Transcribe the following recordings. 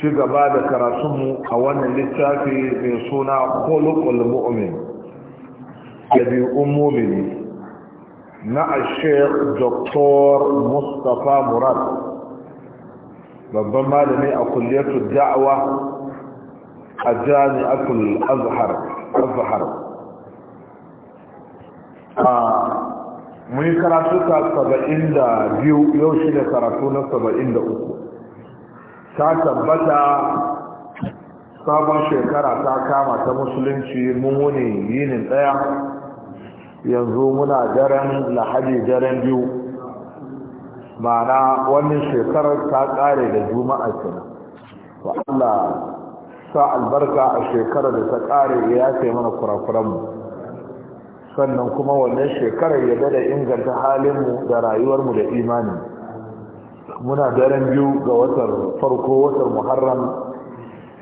ci gaba da karatunmu a wannan littafi mai suna khuluqul mu'min ɗabi'un mumini na ashek Doktor mustapha murad babban malami a kulliyatu da'awa a jami'atul azhar azhar a mun karatu ta 72 yau shi da karatu na 73 ta tabbata sabon shekara ta kama ta musulunci mun wuni yinin ɗaya yanzu muna daren lahadi daren biyu ma'ana wannan shekarar ta kare da juma'a kenan wa Allah sa albarka a shekarar da ta kare ya kai mana kurakuranmu sannan kuma wannan shekarar ya dada inganta halin mu da rayuwarmu da imaninmu muna daren biyu ga watan farko watan muharram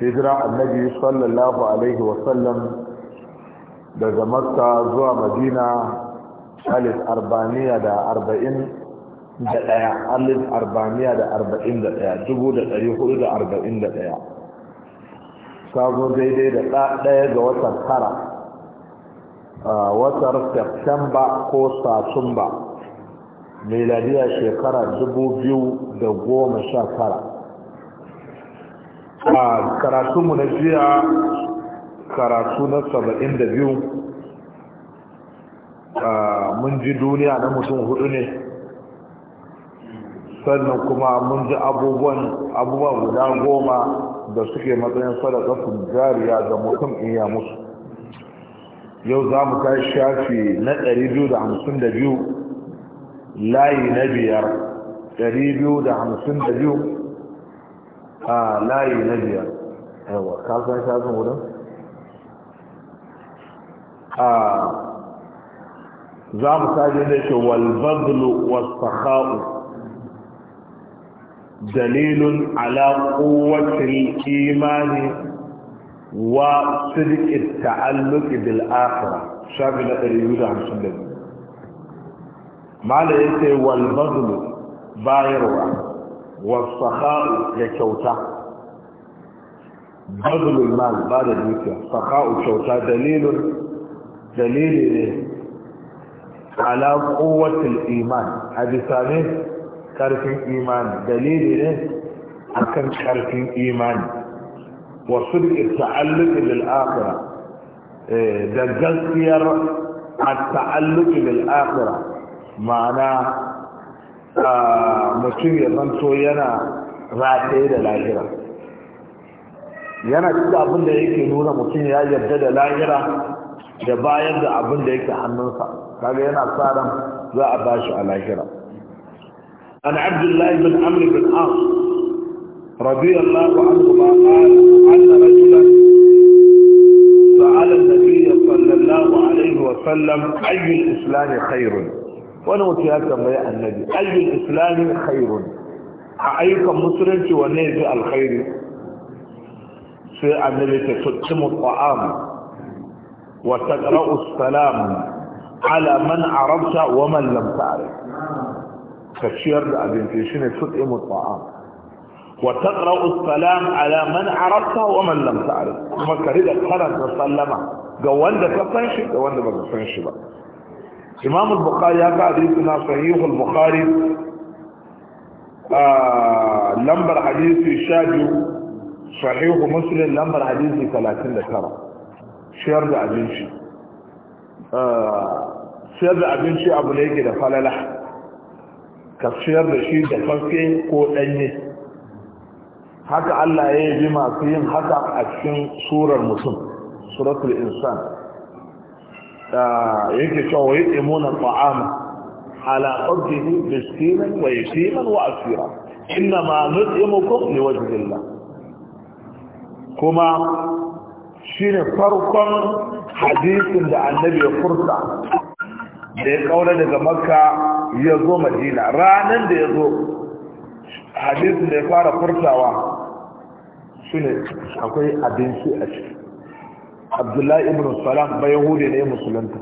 hijira annabi sallallahu alaihi wasallam daga makka zuwa madina alif arba'aniya da arba'in da ɗaya alif arba'aniya da arba'in da ɗaya dubu da ɗari hudu da arba'in da ɗaya sabon daidai da ɗaya ga watan tara watar septemba ko satumba meladiya shekara da goma sha tara. a mu na jiya karatu na saba'in da biyu. mun ji duniya na mutum hudu ne sannan kuma mun ji abubuwan abubuwa guda goma da suke matsayin sadakatun jariya ga mutum iya musu yau za mu kai shafi na biyu. لاي نبيار تريبيو ده عن سن دبيو اه لاي نبيار هو كاسا كاسا مولا اه زام ساجد والبذل والسخاء دليل على قوة الإيمان وصدق التعلق بالآخرة شاب الله تريبيو ده عن سن دبيو mala ya ce walbazulu bayarwa wasaka'u da kyauta bazulul mal ba da dukiya saka'u kyauta dalilin dalili ne ala kowatin iman a bisa ne karfin imani dalili ne akan karfin imani wasu da ta'alluki lil'akira da gaskiyar a ta'alluki lil'akira ma'ana mutum ya zanto yana rataye da lahira yana cikin abin da yake nuna mutum ya yarda da lahira da bayan da abin da yake hannunsa kaga yana tsarin za a bashi a lahira an abdullahi bin amri bin as radiyallahu anhu ma qala anna rajulan sa'ala an-nabiy sallallahu alaihi wa sallam ayyu al-islam khairun wani mutum ya tambayi annabi ayyul islami khairun a ayyukan musulunci wanne ya fi alkhairi sai annabi ta tuttimu ta'am wa taqra'u salam ala man arabta wa man lam ta'rif ka ciyar da abinci shine tuttimu ta'am wa taqra'u salam ala man arabta wa man lam ta'rif kuma ka riga karanta sallama ga wanda ka san shi da wanda ba ka san shi ba Imamul al ya ka hadisi na sahih al-bukhari a ah, lambar hadisi sha biyu sahih muslim lambar hadisi 39 da abinci ah, shiyar da abinci abu da falala ka shiyar da shi da faske ko danye haka Allah ya yi masu yin haka a cikin surar mutum suratul insan yake cewa wa yutsimuna ta'ama ala qadrihi miskinan wa yatiman wa asira inna ma nut'imukum liwajhi kuma shine farkon hadisin da annabi ya furta da ya kaura daga makka ya zo madina ranan da ya zo hadisin da ya fara furtawa shine akwai abinci a ciki abdullahi ibn salam ba yahudi ne musulunta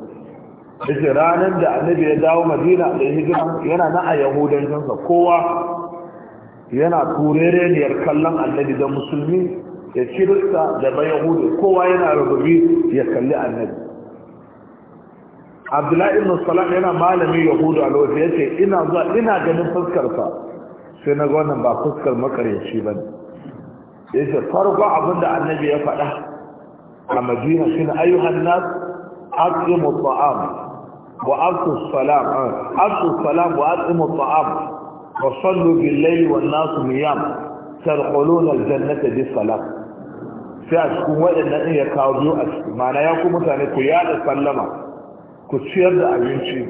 yace ranar da annabi ya dawo madina da hijira yana na a yahudancinsa kowa yana turereniyar kallon annabi da musulmi ya kirista da ba yahudi kowa yana rububi ya kalli annabi abdullahi ibn salam yana malamin yahudu a lokacin ce ina zuwa ina ganin fuskarsa sai na ga wannan ba fuskar makaryaci ba ne yace farko abin da annabi ya faɗa a madina shi na ayyuhan nas aqimu ta'am wa afsu salam afsu salam wa aqimu ta'am wa sallu bil layli wan nas niyam tadkhuluna al jannata bis salam sai a cikin waɗannan in ya kawo biyu a ciki mana ya ku mutane ku yaɗa sallama ku ciyar da abinci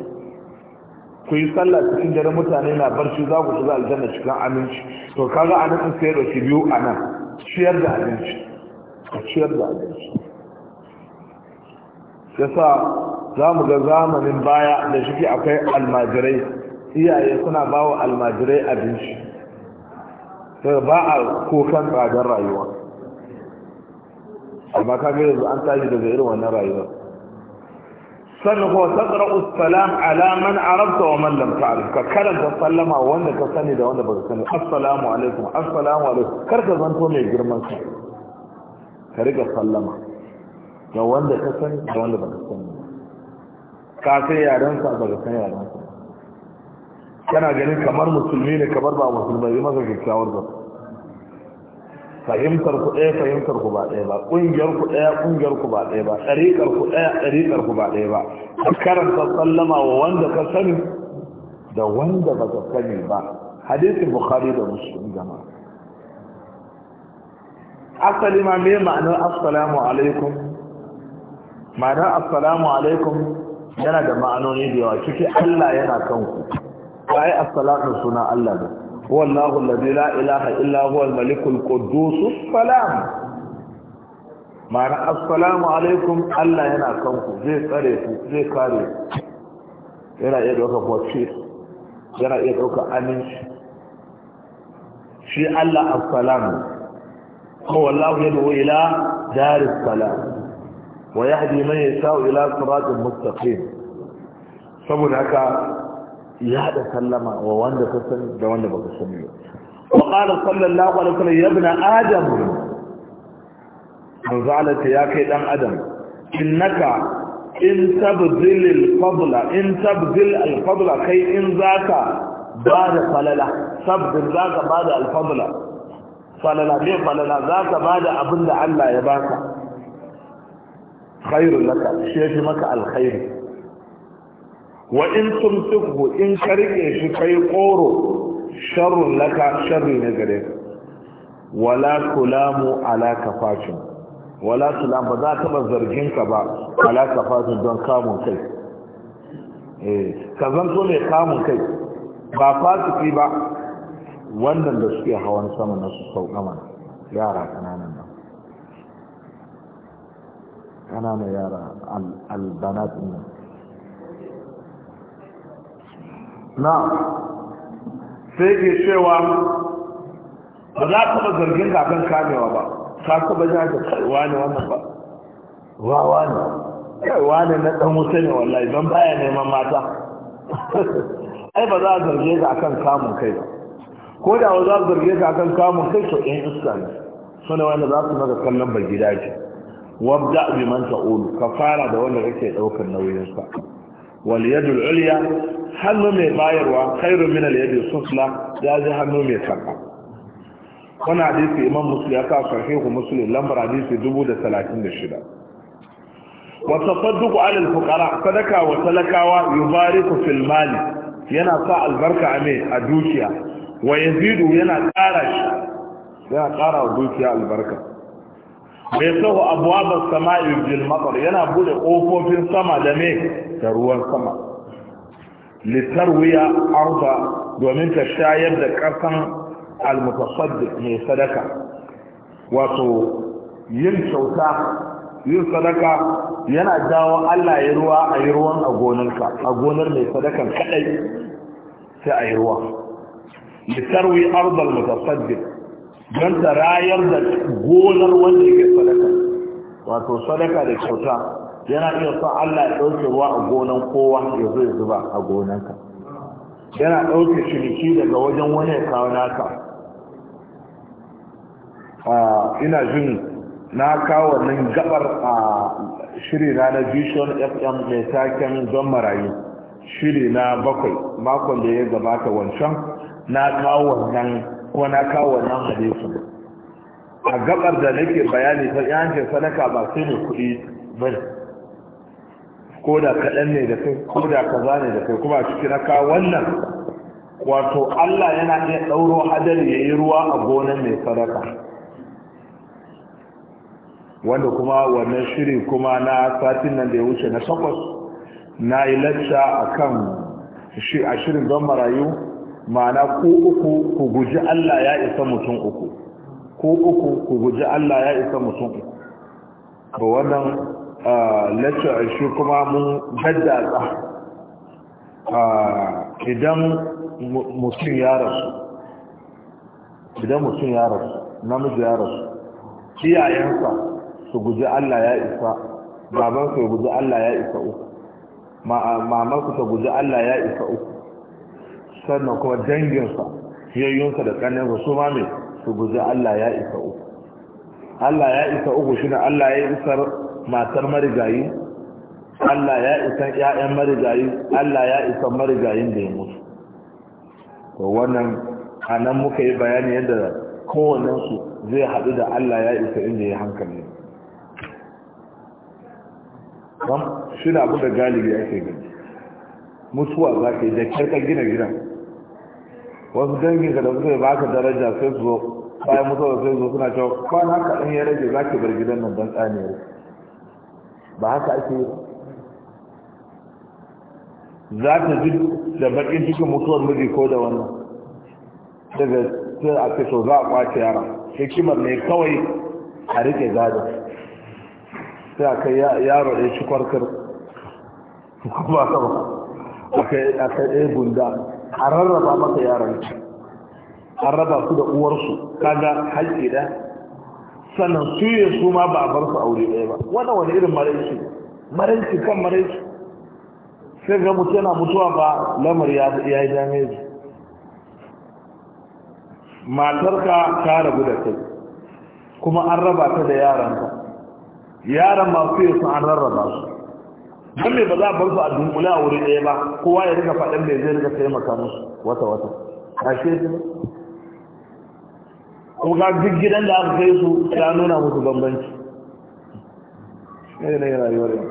ku yi sallah cikin dare mutane na barci za ku shiga aljanna cikin aminci to kaga a nan sai da biyu a nan ciyar da abinci ka ciyar da abinci yasa za mu ga zamanin baya da shi akwai almajirai iyaye suna ba wa almajirai abinci sai ba a kofan tsadar rayuwa amma ka gaya an tashi daga irin wannan rayuwar sannan kuma tsakara salam alaman arabta wa man lam ta'rif ka karanta sallama wanda ka sani da wanda ba ka sani assalamu alaikum assalamu alaikum kar ka zanto mai girman sa ka riga sallama ga wanda ka sani da wanda ba ka sani ka san yarensa ba ka san yarensa kana ganin kamar musulmi ne kamar ba musulmai yi masa kyakkyawar ba fahimtar ku ɗaya fahimtar ku ba ɗaya ba ƙungiyar ku ɗaya ƙungiyar ku ba ɗaya ba ɗariƙar ku ɗaya ɗariƙar ku ba ɗaya ba ka karanta sallama wa wanda ka sani da wanda ba ka sani ba hadisin bukhari da muslim jama'a asali ma me ma'anar assalamu alaikum ma'anar assalamu alaikum yana da ma'anoni da yawa ciki Allah yana kanku bai assalatu suna Allah ne wallahu alladhi la ilaha illa huwa al-malikul quddus salam ma'anar assalamu alaikum Allah yana kanku zai tsare ku zai kare yana iya dauka kwace yana iya dauka aminci shi Allah assalamu هو الله يدعو إلى دار السلام ويهدي من يشاء إلى صراط مستقيم فبنك يا ذا سلم ووند تسن ده وند وقال صلى الله عليه وسلم يا ابن ادم من فعلت يا كي دان ادم انك ان تبذل الفضل ان تبذل الفضل كي ان ذاك بعد فلله تبذل ذاك بعد الفضل falala ne falala za ka ba da abin da Allah ya baka khairu laka shi ya fi maka alkhairi wa in tumtuku in ka shi kai koro sharrun laka sharri ne gare ka wala kulamu ala kafatin wala tulam ba za ta ba zargin ka ba ala kafatin don kamun kai eh ka zanto mai kamun kai ba fasiki ba wannan da suke hawan sama na su sauka mana yara kananan nan kananan yara albanatin nan na sai ke cewa ba za ka ba zargin kafin kamewa ba ka taba za ka karuwa ne wannan ba wawa ne karuwa ne na dan wuta ne wallahi don baya neman mata ai ba za a zarge ka akan kamun kai ba ko da wa za su zarge ka akan kamun kai to ɗan iska ne suna wanda za su maka kallon bai gida ce wabda bi man ta'ulu ka fara da wanda kake ɗaukar nauyin sa wal yadul ulya hannu mai bayarwa khairu min al yadi sufla ya ji hannu mai karɓa wani hadisi imam muslim ya kawo sahihu muslim lambar hadisi dubu da talatin da shida wa tafadduqu ala al fuqara sadaka wa talakawa yubariku fil mali yana sa albarka a a dukiya wa yana ƙara shi yana ƙara wa dukiya albarka Mai yasahu abwaba sama'i bil matar yana bude ƙofofin sama da mai da ruwan sama wuya arda domin ta shayar da ƙasan almutasaddiq mai sadaka wato yin kyauta yin sadaka yana jawo Allah ya ruwa a yi ruwan a a gonar mai sadakan kadai sai a yi ruwa lisarwi arzal mutasaddiq don ta rayar da gonar wanda yake sadaka wato sadaka da kyauta yana iya sa Allah ya ɗauke ruwa a gonan kowa ya zo ya zuba a gonanka yana ɗauke ciniki daga wajen wani ya kawo naka ina jin na kawo nan gabar a shiri na na vision fm mai taken don marayu shiri na bakwai makon da ya gabata wancan na kawo wannan ko na kawo wannan hadisi a gabar da nake bayani ta yanke sadaka ba sai ne kuɗi ba ko da kaɗan ne da kai ko da kaza ne da kai kuma cikin na kawo wannan wato Allah yana iya ɗauro hadari ya yi ruwa a gonan mai sadaka wanda kuma wannan shirin kuma na satin nan da ya wuce na takwas na yi lacca a kan a shirin don marayu ma'ana ku uku ku guji Allah ya isa mutum uku Ku uku ku guji Allah ya isa mutum uku ba wannan ah, lecture shi kuma mun gaddatsa ah, idan mutum ya rasu idan mutum ya rasu namiji ya rasu iyayensa su guji Allah ya isa babansa ya guji Allah ya isa uku mamansa ta guji Allah ya isa uku sannan kuma danginsa yayyunsa da ƙannensa su ma mai su guji Allah ya isa uku Allah ya isa uku shi ne Allah ya isa matar marigayi Allah ya isa ƴaƴan marigayi Allah ya isa marigayin da ya mutu to wannan anan muka yi bayani yadda kowannensu zai haɗu da Allah ya isa inda ya hankali don shi da abu da galibi ake gani mutuwa za ka yi da kyarkar gina gidan wasu dangin ka da suka yi baka daraja sai su zo bayan da sai zo suna cewa kwan haka in ya rage za ki bar gidan nan don tsaniyar ba haka ake yi za ta ji da bakin cikin mutuwar miji ko da wannan daga sai a fito za a kwace yara hikimar ne kawai a rike gado sai a kai yaro ɗaya shi kwarkar ba a kai ɗaya gunda a rarraba masa yaran an raba su da uwarsu kaga halke da sannan su ya su ma ba a bar su aure ɗaya ba wannan wani irin maraici maraici kan maraici sai ga mutu yana mutuwa ba lamar ya yi matar matarka ta rabu da kai kuma an raba ta da yaranka yaran masu yi su an rarraba su don me ba za a bar su a dunkule a wuri ɗaya ba kowa ya riga faɗin mai zai riga taimaka musu wata wata ashe su kuma ga duk gidan da aka kai su ya nuna musu bambanci ne ne rayuwar yau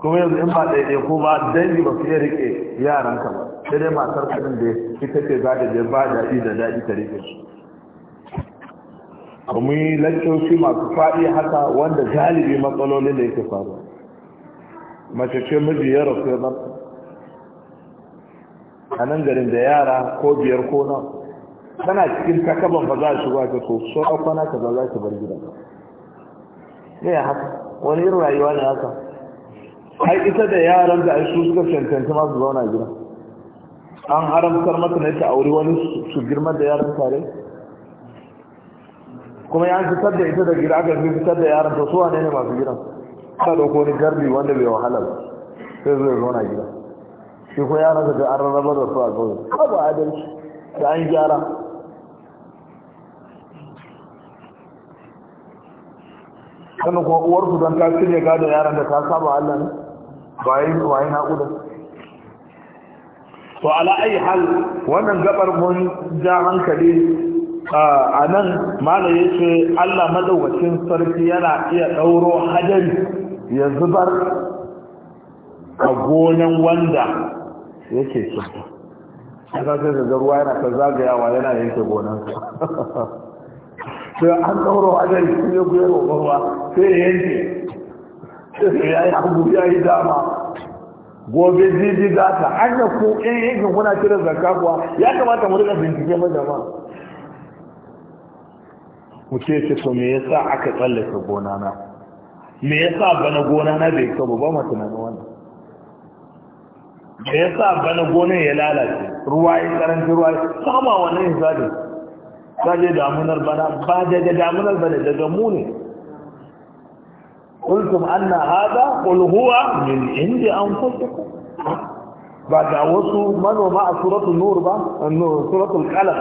kuma yanzu in ba ɗaiɗai ko ba dangi ba su iya riƙe yaranka ba sai dai matar kaɗin da ita ce za ta je ba daɗi da daɗi ta riƙe su ba mu yi lantarki masu faɗi haka wanda galibi matsalolin da yake faru mace ce miji ya rasu ya a nan garin da yara ko biyar ko nan tana cikin takaban ba za a shiga ta so so kwana ka za ta bar gida. ne ya haka wani yin rayuwa ne haka ai ita da yaran da su suka cancanci masu zauna gida an haramtar mata ne ta auri wani su girma da yaran tare kuma ya su da ita da gida ga su fitar yaran to suwa ne ne masu gidan ka dauko ni garbi wanda bai wahala sai zai zo na gida shi ko yaran ka an rarraba da su a ka ba adalci da an gyara sannan ko uwar ku dan ka ta ga da yaran da ta saba Allah ne bayan wayan haƙuda to ala ayi hal wannan gabar mun ja hankali a nan malam ya ce Allah madaukakin sarki yana iya ɗauro hadari ya zubar a gonan wanda yake cuta a sai da ruwa yana ta zagayawa yana yanke gonansa sai an ɗauro hadari sun yi guyar ruwa sai ya yanke sai ya yi hagu ya yi dama gobe zidi za an da ku in yankin kuna cire zakka kuwa ya kamata mu rika bincike ma jama'a mutum ce to me yasa aka tsallake gona na me yasa bana gona na bai kyau ba mu tunanin wannan me yasa bana gona ya lalace ruwa ya karanci ruwa sama wannan hisabi kaje da munar bana ba da da damunar bana daga mu ne anna hada qul huwa min indi anfusikum ba da wasu manoma a suratul nur ba annu suratul qalam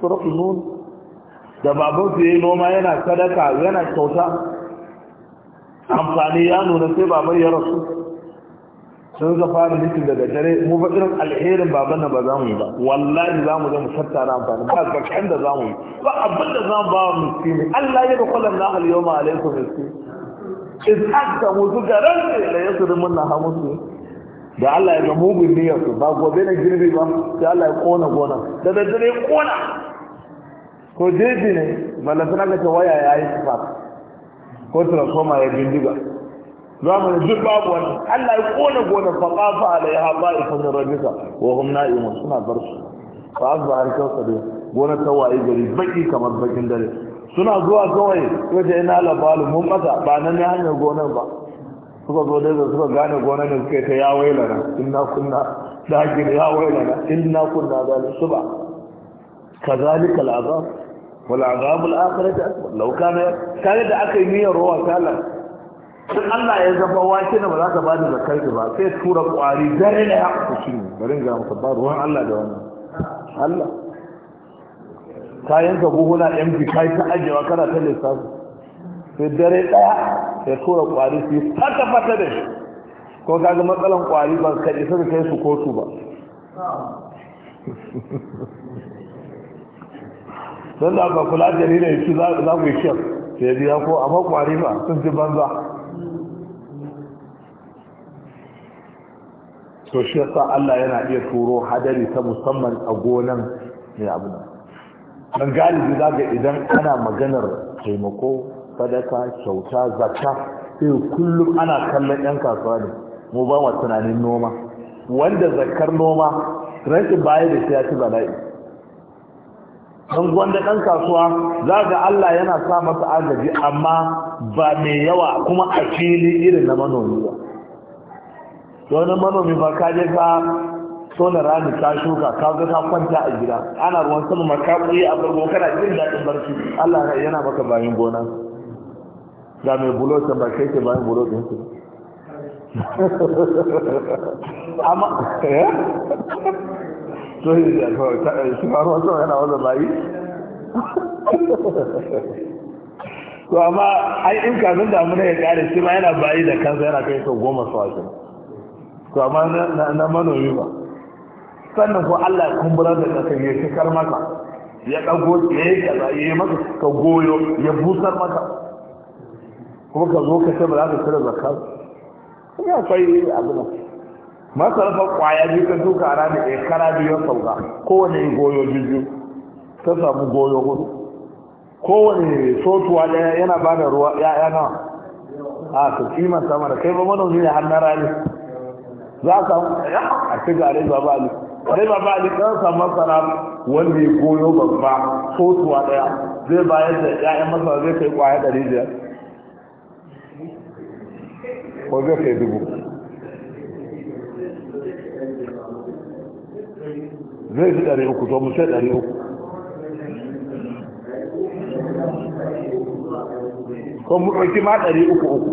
suratul nur da babansu ya yi noma yana sadaka yana kyauta amfani ya nuna sai baban ya rasu sun ga fara nufin daga dare mu ba alherin baban nan ba za mu yi ba wallahi za mu je mu tattara amfani ba bakan da za mu yi ba abin da za mu ba wa miskini Allah ya dukkan na al-yawma alaikum miskin iz aka mu zuga ran da yasu mun na hamusu da Allah ya ga mugun niyyarsu ba gobe na girbi ba sai Allah ya kona gona da daddare kona ko jeji ne suna ga ce waya ya yi spark ko transformer ya bindiga ne duk babu wani Allah ya kona gonar ya haɓa ba ne rajisa wa hum imun suna bar su fa azba har kausa da gonar ta waye gari baki kamar bakin dare suna zuwa kawai suka ce ina labalu mun ɓata ba nan ne hanyar gonar ba suka zo dai suka gane gonar da suka yi ta ya in inna kunna da dagir ya in inna kunna da su ba kazalika al'azab wala azabul akhirati akbar law kana kare da aka yi niyyar ruwa sallah sun Allah ya zaba wake na ba za ka bada zakar ba sai tura kwari dare ne ya ku shi bari ga masa ba ruwan Allah da wannan Allah kayan ka buhuna MG kai ta ajewa kana ta lissafi sai dare daya sai tura kwari su fata fata da shi ko kaga matsalan kwari ba ka isa kai su kotu ba don da aka kula da rina yake za ku yi shi sai biya ko a makwari ba sun ci banza to shi yasa Allah yana iya turo hadari ta musamman a gonan ne abu na don galibi za ga idan ana maganar taimako sadaka kyauta zakka sai kullum ana kallon yan kasuwa ne mu ba wa tunanin noma wanda zakkar noma rashin baya da shi ya ci bala'i don gwanda ɗan kasuwa za ga Allah yana sa masa agaji amma ba mai yawa kuma a fili irin na manomi ba wani manomi ba ka je ka tona rani ka shuka ka ga ka kwanta a gida ana ruwan sama ma ka tsaye a bargo kana jin daɗin barci Allah yana maka bayan gona ga mai bulo ba kai ke bayan bulo su amma eh? to yi eh, shigaru wasu yana wanda layi? to amma ai in kafin ne ya kare shi ma yana bayi da kansa yana kai sau goma su wasu to amma na manomi ba sannan ko allah ya kumburar da kasan ya shikar maka ya ɗago ya yi kaza ya yi maka ka goyo ya busar maka kuma ka zo ka ce ba za ka cire zakar ya akwai abu nan masarfa kwaya biyu ka duka a ranar ɗaya kara biyu sauka kowane goyo juju ta samu goyo hudu kowane sotuwa ɗaya yana ba da ruwa ya'ya nawa a ka kima sama da kai ba manomi ne har na rani za a samu a ci ga rai baba ali rai baba ali kan samu masara wanda ya goyo babba sotuwa ɗaya zai bayar da ya'yan masara zai kai kwaya ɗari biyar ko zai kai dubu zai fi ɗari uku to mu sai ɗari uku ko mu ɗauki ma ɗari uku uku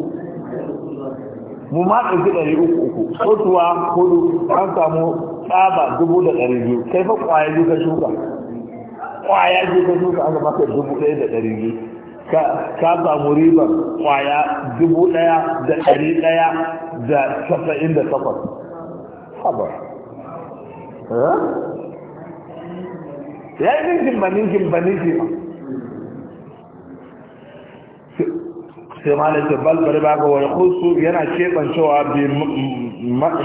mu ma ɗauki ɗari uku uku sotuwa hudu an samu tsaba dubu da ɗari biyu kai fa kwaya biyu ka shuka Kwaya biyu ka shuka an aka maka dubu ɗaya da ɗari biyu ka samu ribar kwaya dubu ɗaya da ɗari ɗaya da casa'in da takwas Haba. Eh? ya yi jimbanin ba ninkin ba sai malakin balbari ba ga wani husu yana keɓancewa bi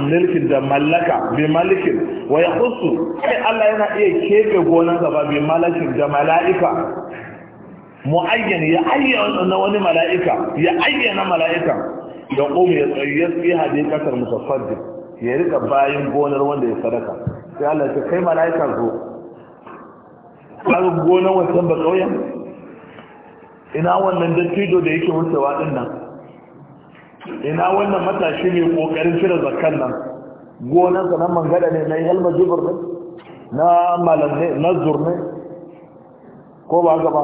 milkin da mallaka bi malikin wani husu sai Allah yana iya keɓe gonan gaba bi malakin da mala'ika mu'ayyan ya ayyana na wani mala'ika ya ayyana mala'ika da kuma ya tsayi ya tsaye hadin kasar musafar ya rika bayan gonar wanda ya sadaka sai Allah ya kai mala'ika zo karin gonar wasan ba ƙauyen ina wannan dattijo da yake wucewa din nan ina wannan matashi mai ƙoƙarin cire zakkan nan gonarsa na mangada ne na yalma jibir ne na malam ne na zur ne ko ba gaba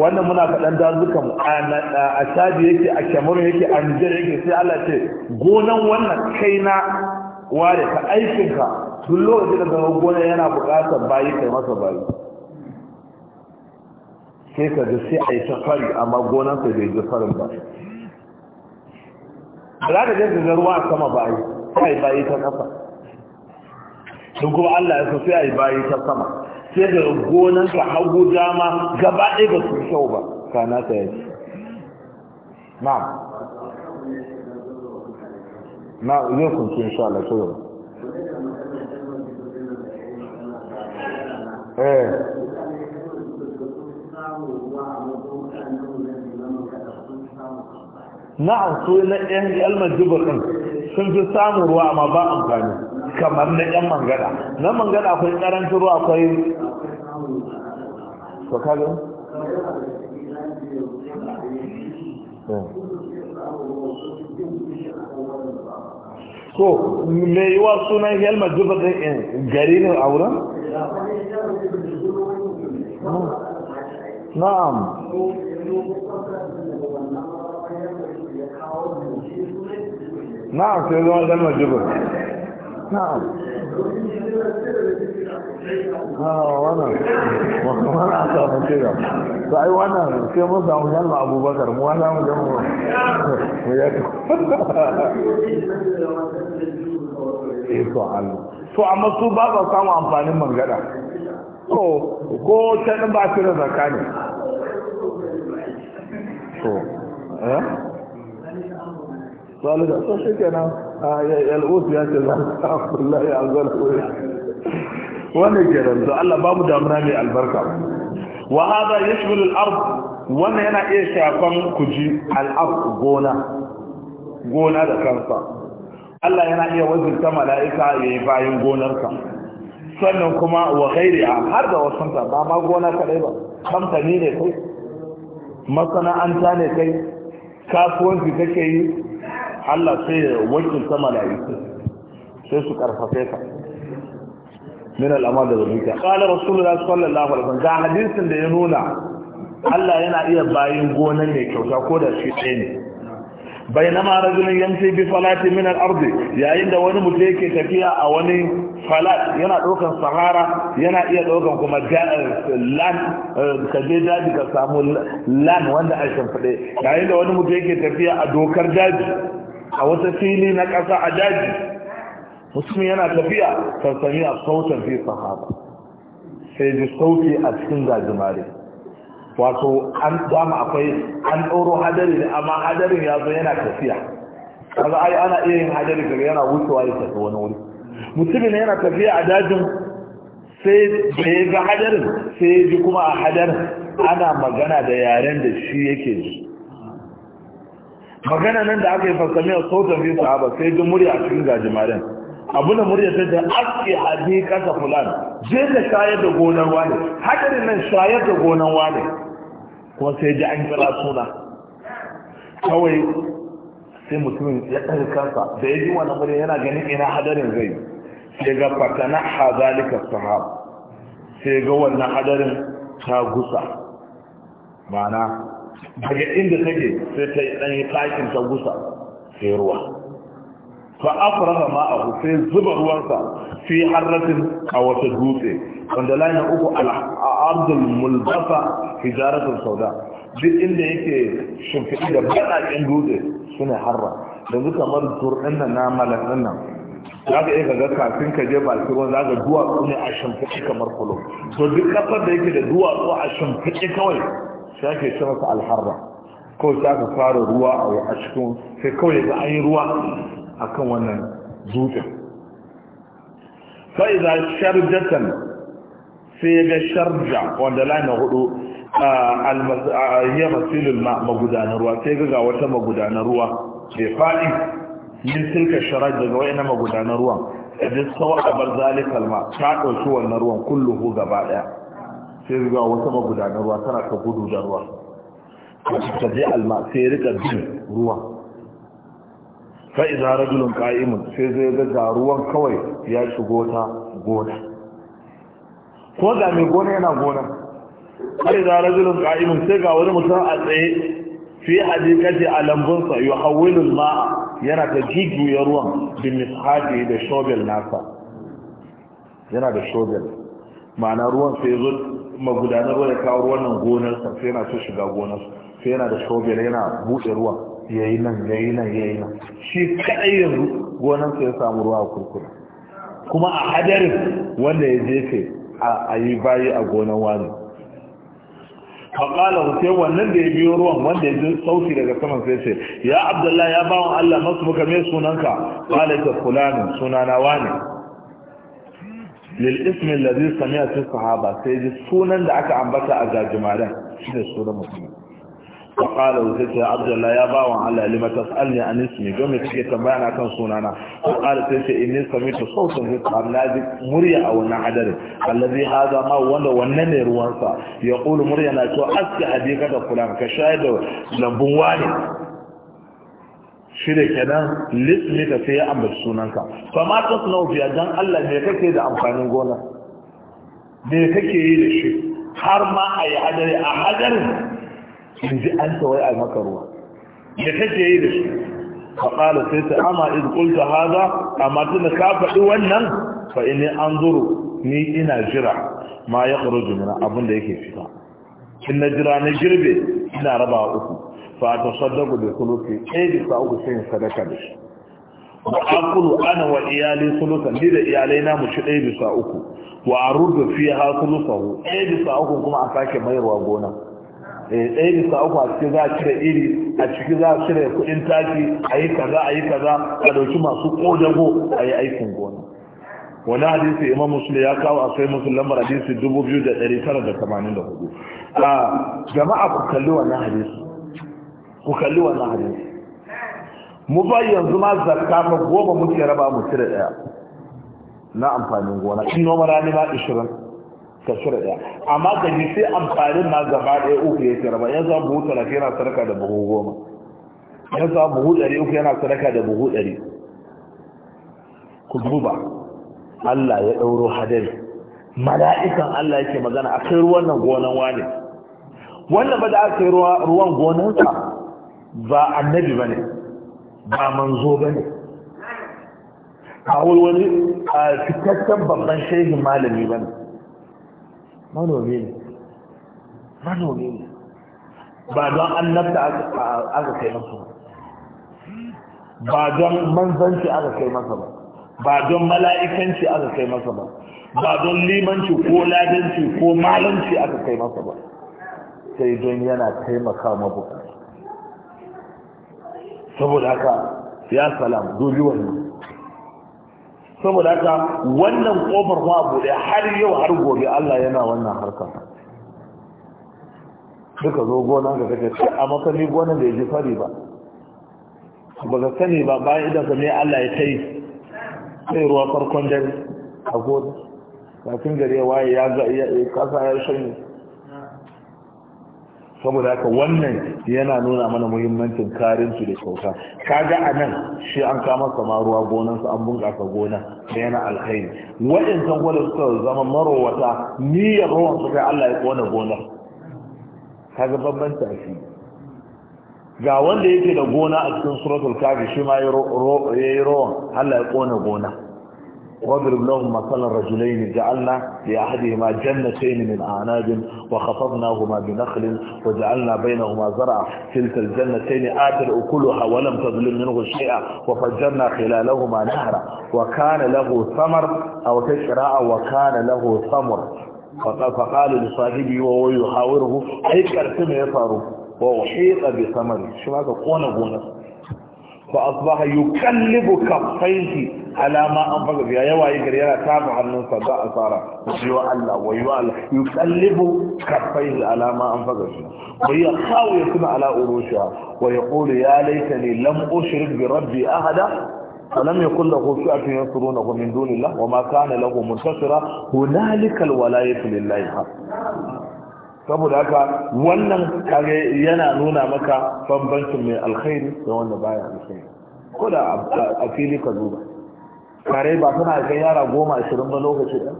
wannan muna faɗan dazukan a shadi yake a kyamuru yake a nijar yake sai Allah ce gonan wannan kai na ware ka aikinka tun lokacin da zama gona yana buƙatar bayi kai masa bayi sai ka ga sai a yi ta fari amma ka bai ji farin ba za ka je ga ruwa sama bayi sai bayi ta kasa don kuma Allah ya so sai a yi bayi ta sama sai ga ka hagu dama gaba ɗaya ba su kyau ba kana ta yi na'am na zai kunshi insha Allah to yau eh na'am so na ɗan almajibu ɗin sun fi samun ruwa amma ba amfani kamar na ɗan mangada na mangada akwai ƙarancin ruwa akwai to kaga so mai yiwa sunan helmar juba ɗin gari ne a wurin? na'am na'am sai zama na'am Ah, wannan wannan wannan sai mun samu yalma abubakar mu mu jan mu ya eh, amfanin mangada to ko ba da zakka ne eh? kenan yal'us ya ce za su abdullahi a zuwa kuri wannan ke allah babu damuna mai albarka wa haza al-ard wannan yana iya shafan kuji al-ard gona gona da kansa allah yana iya wazinta mala'ika ya yi bayan gonarka sannan kuma wa har da wasu ba ma gona kadai ba kamfani ne kai masana'anta ne kai kasuwanci kake yi Allah sai ya wakilta mala'iku sai su karfafe ka min al'amal da zalika qala rasulullahi sallallahu alaihi wasallam ga hadisin da ya nuna Allah yana iya bayin gonan mai kyauta ko da shi ɗaya ne bainama rajulun yamshi bi salati min al-ard yayin da wani mutum yake tafiya a wani falat yana daukan sahara yana iya daukan kuma eh, land eh, ka je daji ka samu land wanda a shimfide yayin da wani mutum yake tafiya a dokar daji a wata fili na ƙasa a daji musulmi yana tafiya sarsami a sautan fi sahaba sai ji sauti a cikin gajimare wato an dama akwai an ɗoro hadari ne amma hadarin ya zo yana tafiya kaga ai ana iya yin hadari kaga yana wucewa ya tafi wani wuri mutumin ne yana tafiya a dajin sai da ya ga hadarin sai ya ji kuma a hadarin ana magana da yaren da shi yake ji magana nan da aka yi fasami a sautan biyu sahaba sai ji murya a cikin gajimarin abu da murya ta da aski haɗe kasa fulani je ka shayar da gonar wane hadarin nan shayar da gonar wane kuma sai ji an kira suna kawai sai mutumin ya ɗari kansa da ya ji wani murya yana ganin ina hadarin zai sai ga fatana hazalika sahab sai ga wannan hadarin ta gusa ma'ana daga inda take sai ta yi ɗanyi takin ta gusa sai ruwa fa afraha a sai zuba ruwansa fi harratin a wata dutse wanda layin uku Abdul mulbasa hijaratun sauda duk inda yake shimfiɗi da baɗaƙen dutse suna harra yanzu kamar turɗin nan na malakin nan za ka iya ga kafin ka je baki ruwan za ka duwatsu ne a shimfiɗi kamar kulo to duk ƙasar da yake da duwatsu a shimfiɗi kawai shi ake ce masa alharra ko sai aka fara ruwa a cikin sai kawai ga an yi ruwa akan wannan dutsen fa'iza sharjatan sai ga sharja wanda lana hudu ya masilin magudanar ruwa sai ga wata magudanar ruwa bai faɗi yin silka sharar daga wani magudanar ruwan da duk sauwa a bar ma ta ɗauki wannan ruwan kulluhu gaba ɗaya sai zuwa wata magudanar ruwa tana ta gudu da ruwa cikin je alma sai rika bin ruwa idan rajulun qa'imun sai zai ga ruwan kawai ya shigo ta gona ko da mai gona yana gona idan rajulun qa'imun sai ga wani mutum a tsaye fi hadikati a lambunsa yi hawilin ma'a yana ta jujjuya ruwan bin mishadi da shobel nasa yana da shobel ma'ana ruwan sai zo magudanar ruwa ya kawo wannan nan sa sai yana so shiga gonar, sai yana da shobel yana buɗe ruwa yayi nan yayi nan yayi nan shi kadai yanzu sa ya samu ruwa a kurkura kuma a hadarin wanda ya jefe a yi bayi a gonar wani faƙala sai wannan da ya biyo ruwan wanda ya ji sauti daga saman sai ce ya abdullahi ya bawa allah masu muka mai sunanka ƙwale ta fulani sunana wane lil ismin ladhi sami'a fi sahaba sai ji sunan da aka ambata a gajimaren shi ne sunan mutum wa qala wa sai ya abdullah ya ba wa Allah lima tasalni an ismi don me kike na kan sunana wa qala sai ce inni sami'tu sautan fi sahaba murya a wannan hadari alladhi hada ma wanda wannan ne ruwansa yaqulu murya na to aska hadika da kula ka da lambun wani shirya kenan lismi ka sai ya ambaci sunanka fa ma suna biya dan Allah me kake da amfanin gona me kake yi da shi har ma a yi hadari a hadarin in ji an tawai a maka ruwa me kake yi da shi fa qala sai ta ama in kulta haza, amma tun ka faɗi wannan fa an anzuru ni ina jira ma ya kharuju jimina, abin da yake fita in na jira na girbe ina rabawa uku fata ta saddaku da sulusi ɗaya bisa uku sai sadaka da shi Ba a kulu ana wa iyalin sulusa ni da iyalai na mu ci ɗaya bisa uku wa fiye fi ha hu ɗaya bisa uku kuma a sake mayarwa gona eh, ɗaya bisa uku a ciki za a cire iri a ciki za a cire kuɗin taki a yi kaza a yi kaza a ɗauki masu ƙodago a yi aikin gona wani hadisi imam musulun ya kawo a sai musulun lambar hadisi 2984 a ah, jama'a ku kalli wannan hadisi ku kalli wannan hadisi mu ba yanzu ma zakka fa goma muke raba mu cire daya na amfanin gona in noma rani ma 20 ka cire daya amma da ji sai amfanin ma gaba daya uku yake raba yanzu an buhu 30 yana sadaka da buhu goma yanzu an buhu 100 uku yana sadaka da buhu 100 ku duba Allah ya dauro hadari mala'ikan Allah yake magana akai ruwan nan gonan wani wanda ba da aka yi ruwan gonansa ba annabi ba ne ba manzo ba ne A wani a fitaccen babban shehin malami ba ne manomi ne manomi ne ba don annabta aka kai masu ba ba don manzanci aka kai masa ba ba don mala'ikanci aka kai masa ba ba don limanci ko ladanci ko malanci aka kai masa ba sai don yana taimaka mabukata saboda haka ya salam dole wannan saboda haka wannan kofar ma buɗe har yau har gobe Allah yana wannan harkar duka zo gona ga kace ce a makami gona da ya ji fari ba ba ka sani ba bayan idan ka ne Allah ya tai sai ruwa farkon dare a gona kafin gare waye ya ga kasa ya shanye saboda haka wannan yana nuna mana muhimmancin karinsu da kyauta kaga a nan shi an kama sama ruwa gonansu an bunƙasa gona da yana alkhairi waɗansan gwada suka zama marowata niyyar ruwan su kai Allah ya kona gona. kaga bambanta shi ga wanda yake da gona a cikin suratul kafi shi ma ya yi rawan Allah ya kona gona واضرب لهم مثلا رجلين جعلنا لأحدهما جنتين من أعناب وخفضناهما بنخل وجعلنا بينهما زرعا تلك الجنتين اكل أكلها ولم تظلم منه شيئا وفجرنا خلالهما نهرا وكان له ثمر أو تشراء وكان له ثمر فقال لصاحبه وهو يحاوره أي كرتم يطاره وأحيط بثمره شو هذا قونه قونا فأصبح يكلب كفيه على ما أنفق فيها يوا يقر يلا تابع النصر داء أصارا ويوى الله ويوى الله يكلب كفيه على ما أنفق فيها وهي خاوية على أروشها ويقول يا ليتني لم أشرك بربي أحدا فلم يكن له فئة ينصرونه من دون الله وما كان له منتصرا هنالك الولاية لله حق saboda haka wannan kare yana nuna maka bambancin mai alkhairi da wanda baya alkhairi ko da a fili ka duba kare ba suna kai yara goma ashirin ba lokaci ɗan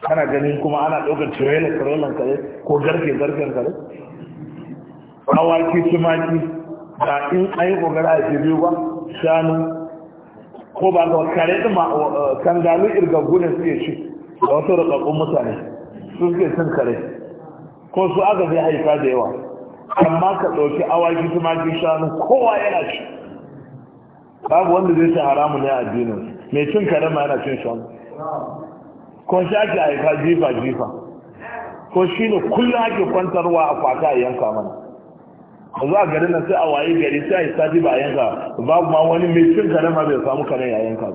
kana ganin kuma ana ɗaukar tirelan tirelan kare ko garke garken kare awaki tumaki ba in an yi ƙoƙari a biyu ba shanu ko ba ga kare ɗin ma uh, kangalu irgaggu ne suke ci da wasu rikakkun mutane sun suke cin kare ko su aka zai haifa da yawa amma ka ɗauki awaki fi shanu kowa yana ci babu wanda zai ci haramu ne a addinin mai cin kare ma yana cin shanu ko shi ake haifa jifa jifa ko shi ne kullum ake kwantarwa a kwata a yanka mana a zuwa garin nan sai a waye gari sai a yi sati ba a yanka babu ma wani mai cin kare ma bai samu kare ya yanka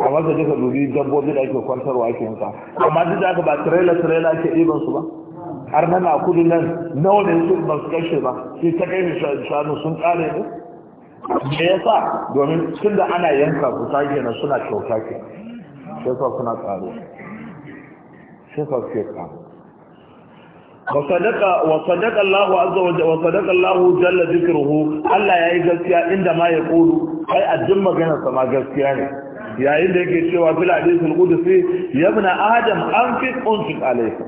a masa jika dubi dabbobi da ake kwantarwa ake yanka amma duk da aka ba tirela-tirela ake ɗiban su ba har nan a kudu nan nawa ne su ba su kashe ba sai ta kai shanu sun kare ne me yasa domin tun da ana yanka ku sake na suna kyauta ke shefa suna kare shefa ke karo وصدق وصدق الله عز وجل وصدق الله جل ذكره ya yi gaskiya inda ma ya kulu kai addin magana sa ma gaskiya ne yayin da yake cewa fil hadithul qudsi ya ibn adam anfiq unfiq alayka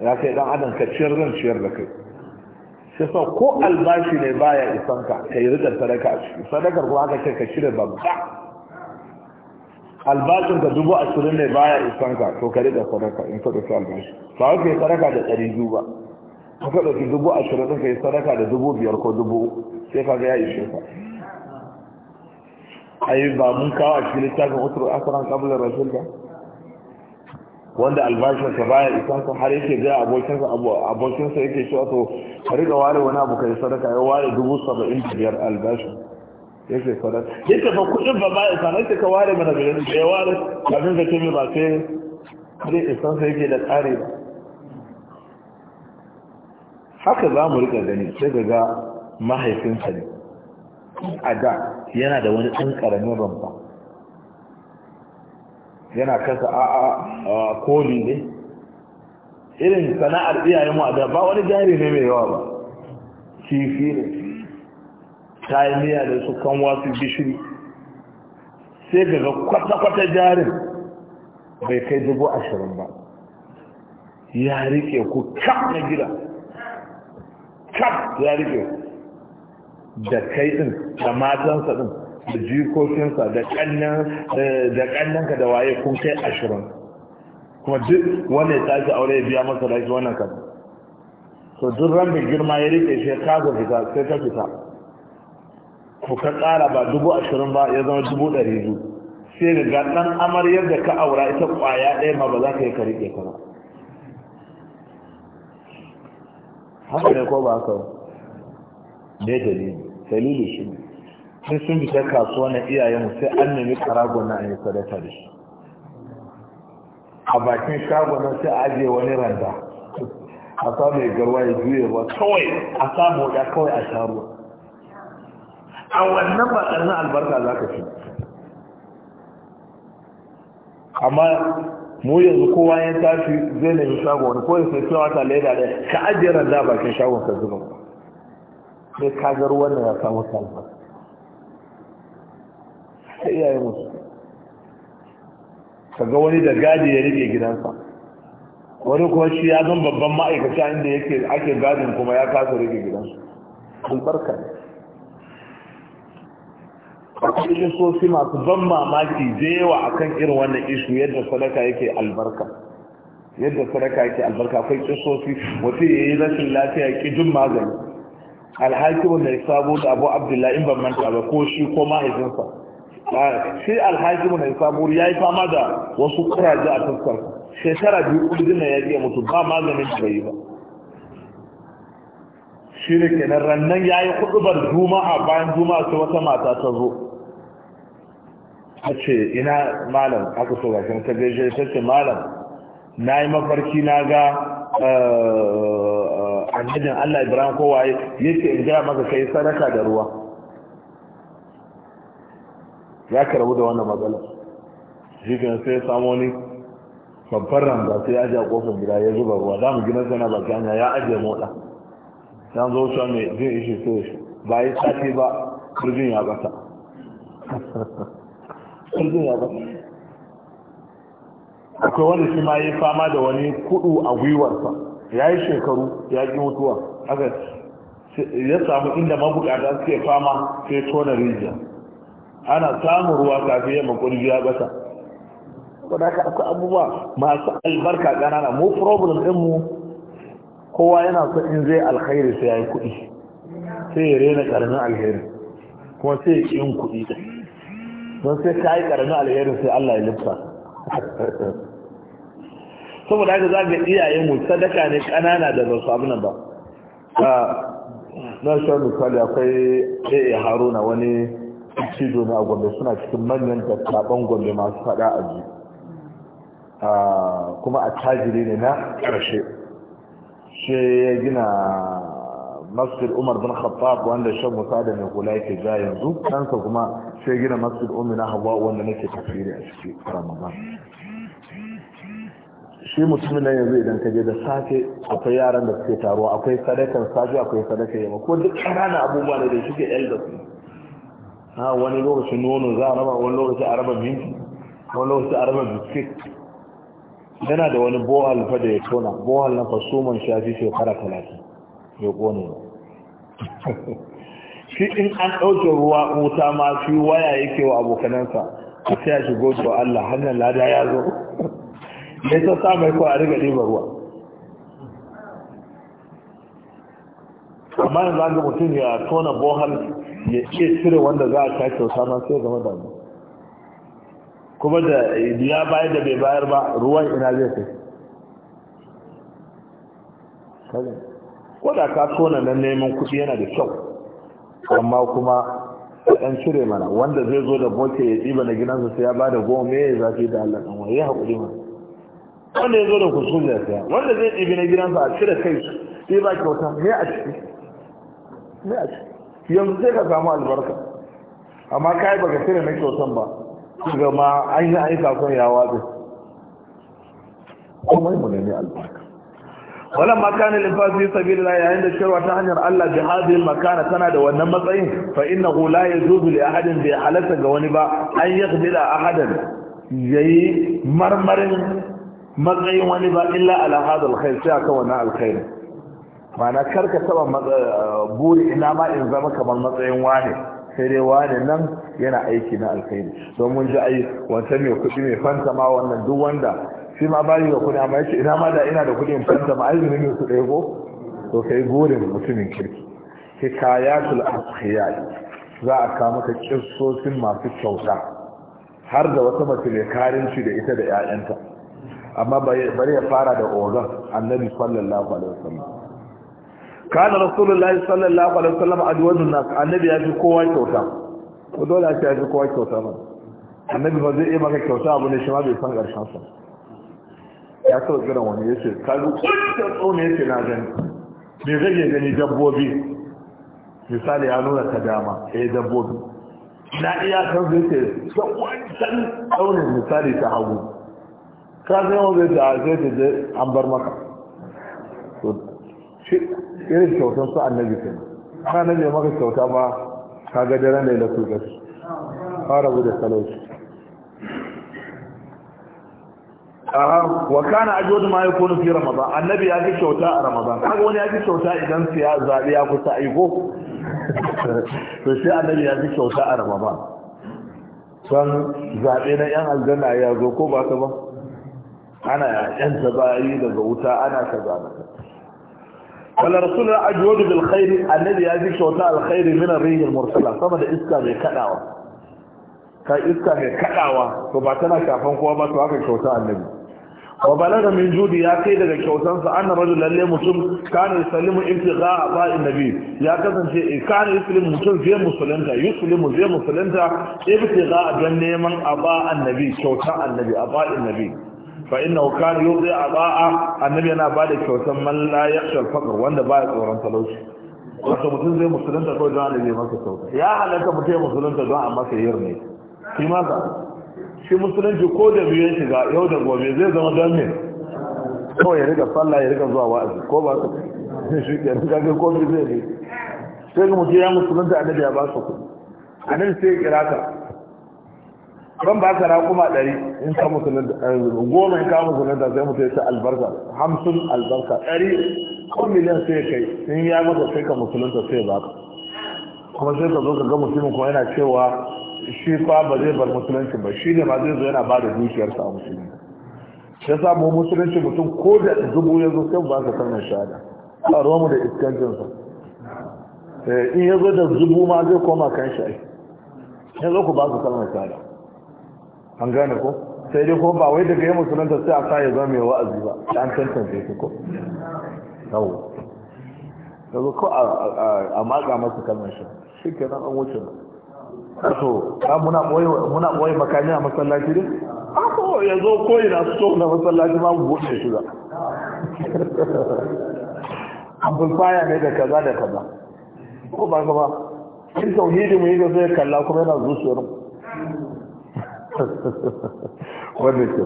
ya kai dan adam ka ciyar zan ciyar da kai shi sa ko albashi ne baya isan ka kai yi rikar sadaka a ciki sadakar ko aka ce ka cire babba albashin ka dubu ashirin ne baya isan ka to ka rika sadaka in ka ɗauki albashi ba ka yi sadaka da ɗari biyu ba ka faɗa ki dubu ashirin ɗin ka yi sadaka da dubu biyar ko dubu sai ka ga ya ishe ka ayi ba mun kawo a cikin littafin utur asiran kabilar rasul ba wanda albashinsa baya isan ka har yake ga abokinsa sa yake cewa to ka ga ware wani abu kai sadaka ya ware dubu saba'in da biyar albashin yake sadaka yake fa kuɗin ba baya isa nake ka ware mana gari da ya ware kafin ka kimi ba sai kare isan sa yake da tsari haka za mu rika gani sai ga ga mahaifinsa ne a da yana da wani ɗan ƙaramin rumfa yana kasa a koli ne irin sana'ar iyayen mu a da ba wani jari ne mai yawa ba kifi ne kayan miya da su kan wasu bishiri sai daga kwata-kwata jarin bai kai dubu ashirin ba ya rike ku kaf na gida kaf ya rike da kai din da matansa din da jikokinsa da kannan ka da waye kun kai ashirin kuma duk wanda ya tashi aure ya biya masa da wannan kan to duk ran da girma ya rike shi ka ga fita sai ta fita ko ka tsara ba dubu ashirin ba ya zama dubu ɗari biyu sai ga ga ɗan amaryar da ka aura ita ƙwaya ɗaya ma ba za ka yi ka rike ka ba haka ne ko ba haka ne dalili dalili shi ne sun sun fita kasuwa na iyayenmu sai an nemi karago na an yi sadaka da shi a bakin shago na sai ajiye wani randa a samu garwa ya juye ba kawai a samu ya kawai a sharu a wannan ba albarka za ka fi. amma mu yanzu kowa ya tafi zai nemi shago wani kawai sai cewa ta leda da ka ajiye randa bakin shagon ka zuba ba. Sai kagar wannan ya samu salfa ta iyaye musu ka ga wani da gadi ya rike gidansa wani kuma shi ya zan babban ma'aikata inda yake ake gadin kuma ya kasa rike gidansa sun farka akwai isosi masu ban mamaki da yawa akan irin wannan isu yadda sadaka yake albarka yadda sadaka yake albarka akwai kisosi wata ya yi rashin lafiya ki jin magani alhaki wanda ya sabo da abu abdullahi in ban manta ba ko shi ko mahaifinsa Ah, sai alhaji mu mai sabur ya yi fama da wasu kuraje a fuskar shekara biyu kudin na ya biya mutu ba maganin da bai yi ba shi ne kenan rannan ya yi kudubar juma'a bayan juma'a sai wata mata ta zo ta ce ina malam aka so gashin ta gaishe ta ce malam na yi mafarki na ga eh, eh, Annabi allah ibrahim kowaye yake in gaya maka kai sadaka da ruwa ya karbu da wannan matsala shi kan sai samu wani babbar ramba sai ya ajiye kofar gida ya zuba ruwa za mu gina sana baki hanya ya ajiye mota ya zo shi wani jin ishe sai shi ba yi sati ba kurjin ya kasa. kurjin ya akwai wani shi ma yi fama da wani kudu a gwiwarsa ya yi shekaru ya ƙi mutuwa aka ya samu inda mabukata suke fama sai tona rijiya ana samun ruwa kafin yamma kurji ya bata saboda haka akwai abubuwa masu albarka ƙanana. mu problem din mu kowa yana so in zai alkhairi sai ya yi kuɗi sai ya rena karamin alheri kuma sai ya ci yin kuɗi don sai ka yi karamin alherin sai Allah ya lifta saboda haka za ga iyayen mu sadaka ne ƙanana da ba su abu ba ah, na shan misali akwai ya haruna wani ce domin a gombe suna cikin manyan dattaban gombe masu faɗa a ji kuma a tajiri ne na ƙarshe shi ya gina masjid umar bin khattab wanda shan musa da mai hula yake ja yanzu kansa kuma shi ya gina masjid umar na hawa wanda nake tafiri a ciki ramadan shi mutumin nan yanzu idan ka je da safe akwai yaran da suke taruwa akwai sadakan safe akwai sadakan yamma ko duk ƙananan abubuwa ne da suke ke elders ne ha wani lokacin nono za a raba wani lokacin a raba minti wani lokacin a raba biskit yana da wani bohal fa da ya tona bohal na fasuman shafi shekara talatin ya kone ba shi in an ɗauke ruwa wuta ma shi waya yake wa abokanansa a sai shi goce wa Allah hannun lada ya zo ya ta sa mai kawai a riga ɗiba ruwa amma yanzu an ga mutum ya tona bohal ya ce cire wanda za a sha kyauta ma sai zama damu kuma da ya bayar da bai bayar ba ruwan ina zai kai ko da ka tona nan neman kuɗi yana da kyau amma kuma ɗan cire mana wanda zai zo da boke ya tsiba na gidansa sai ya ba da goma me ya zafi da Allah ɗan wani ya haƙuri mana wanda ya zo da kusur ya saya wanda zai tsibi na gidansa a cire kai shi ba kyauta me a ciki me a ciki yanzu sai ka samu albarka amma kai baka ne na kyautan ba ga ma an yi aika son ya watsa kuma mu ne albarka wala makana linfas sabilillah yayin da shirwa ta hanyar Allah bi hadhihi makana tana da wannan matsayin fa innahu la yajuzu li ahadin bi halata ga wani ba an yaqbila ahadan yayi marmarin matsayin wani ba illa ala hadha alkhair sai aka wannan alkhair mana karka saba uh, buri ina ma in zama kamar matsayin wane sai dai wane nan yana aiki na alkhairi don mun ji ai wancan mai kuɗi mai fanta ma wannan duk wanda shi ma bayi da kuɗi amma yace ina ma da ina da kuɗi in fanta ma aizumi ne su ɗaya ko to kai burin mutumin kirki hikayatul askhiyai za a kawo maka kissosin masu kyauta har da wata mace mai karinci da ita da 'ya'yanta amma bari ya fara da ogan annabi sallallahu alaihi wasallam kana rasulullahi sallallahu alaihi wasallam adwanu nas annabi ya fi kowa kyauta ko dole a ce ya fi kowa kyauta ba annabi ba zai iya maka kyauta abu ne shi ma bai san karshen sa ya kawo kiran wani ya ce ka zo kwanciyar tsone ya ce na gani me zage gani dabbobi misali ya nuna ka dama ya eh, dabbobi na iya kan zai ce ga wancan tsaunin misali ta hagu ka zai yawon zai da zai da an bar maka irin kyautar su annabi ke na nabi maka kyauta ba ka ga dare da ya su gasu fara da talauci aha wa kana ajodu ma yakunu fi ramadan annabi ya ji kyauta a ramadan kaga wani ya ji kyauta idan siya zabi ya kusa aiko to sai annabi ya ji kyauta a ramadan san zabe na yan aljanna ya zo ko ba ta ba ana yan tabayi daga wuta ana kaza wala rasulun ajwadu bil khairi ya ji kyauta alkhairi min arrihi mursala sama da iska mai kadawa ka iska mai kadawa to ba tana shafan kowa ba to haka kyauta annabi wa balaga min ya kai daga kyautansa anna rajul lalle mutum kana yusallimu ibtigha ba'i nabi ya kasance eh, kana yusallimu mutum zai musulunta yusallimu zai musulunta ibtigha don neman aba annabi kyauta annabi fa innahu kana yudhi aba'a annabi yana ba da kyautan man la yakhshal faqr wanda ba ya tsoron talauci wato mutum zai musulunta ko don annabi masa kyauta ya halatta mutum musulunta don a masa yir ne shi ma ka shi musulunci ko da biyu ya shiga yau da gobe zai zama don me ko ya riga sallah ya riga zuwa wa'azi ko ba shi ke riga ga ko zai ne sai ga mutum ya musulunta annabi ya ba su kuɗi annabi sai ya kira ka ban ba ka kuma ɗari in ka musulunta eh, goma in ka musulunta sai mutum ya ce albarka hamsin albarka ɗari ko miliyan sai kai in ya maka sai ka musulunta sai ba ka kuma sai ka zo ka ga musulun kuma yana cewa shi fa ba zai bar musulunci ba shi ne ma zai zo yana ba da dukiyarsa a musulmi ya mu musulunci mutum ko da dubu ya zo sai ba ka sanin shahada a mu da iskancinsa eh, in ya zo da zubu ma zai koma kan shi ya zo ku ba ka sanin shahada an gane ko sai dai ko ba wai daga yi ta sai a sa ya zama mai wa'azi ba an tantance su ko yau daga ko a matsa masu kalmar shi shi ke nan an wuce so muna ɓoye makani a masallaci ne a ko ya zo ko na so na masallaci ma mu buɗe shi ba amfulfaya ne da kaza da kaza ko ba ka ba in tauhidi mu yi ga zai kalla kuma yana zuciyar mu wannan ke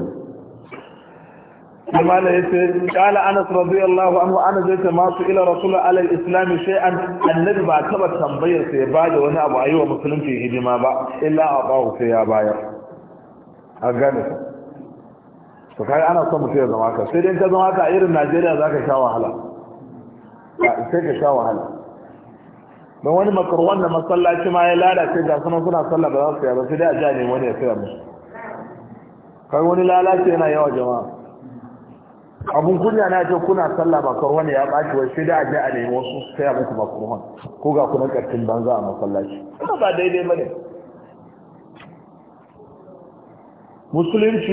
kuma da yace kala anas radiyallahu anhu ana zai ta masu ila rasul ala islam islam an annabi ba taba tambayar sa ya bada wani abu ayi wa musulunci hidima ba illa a ku sai ya bayar a gane to kai ana son mutum ya zama ka sai dai ka zama ka irin Najeriya zaka sha wahala sai ka sha wahala ba wani makarwan da masallaci ma ya lalace ga sunan suna sallah ba za su yaba sai dai a ja ne wani ya tsaya musu kai wani lalace yana yawa jama'a abun kunya na ce kuna sallah makarwan ya baci wai sai dai a ja a nemi wasu su tsaya muku makarwan ko ga kuma karfin banza a masallaci ba daidai ba ne musulunci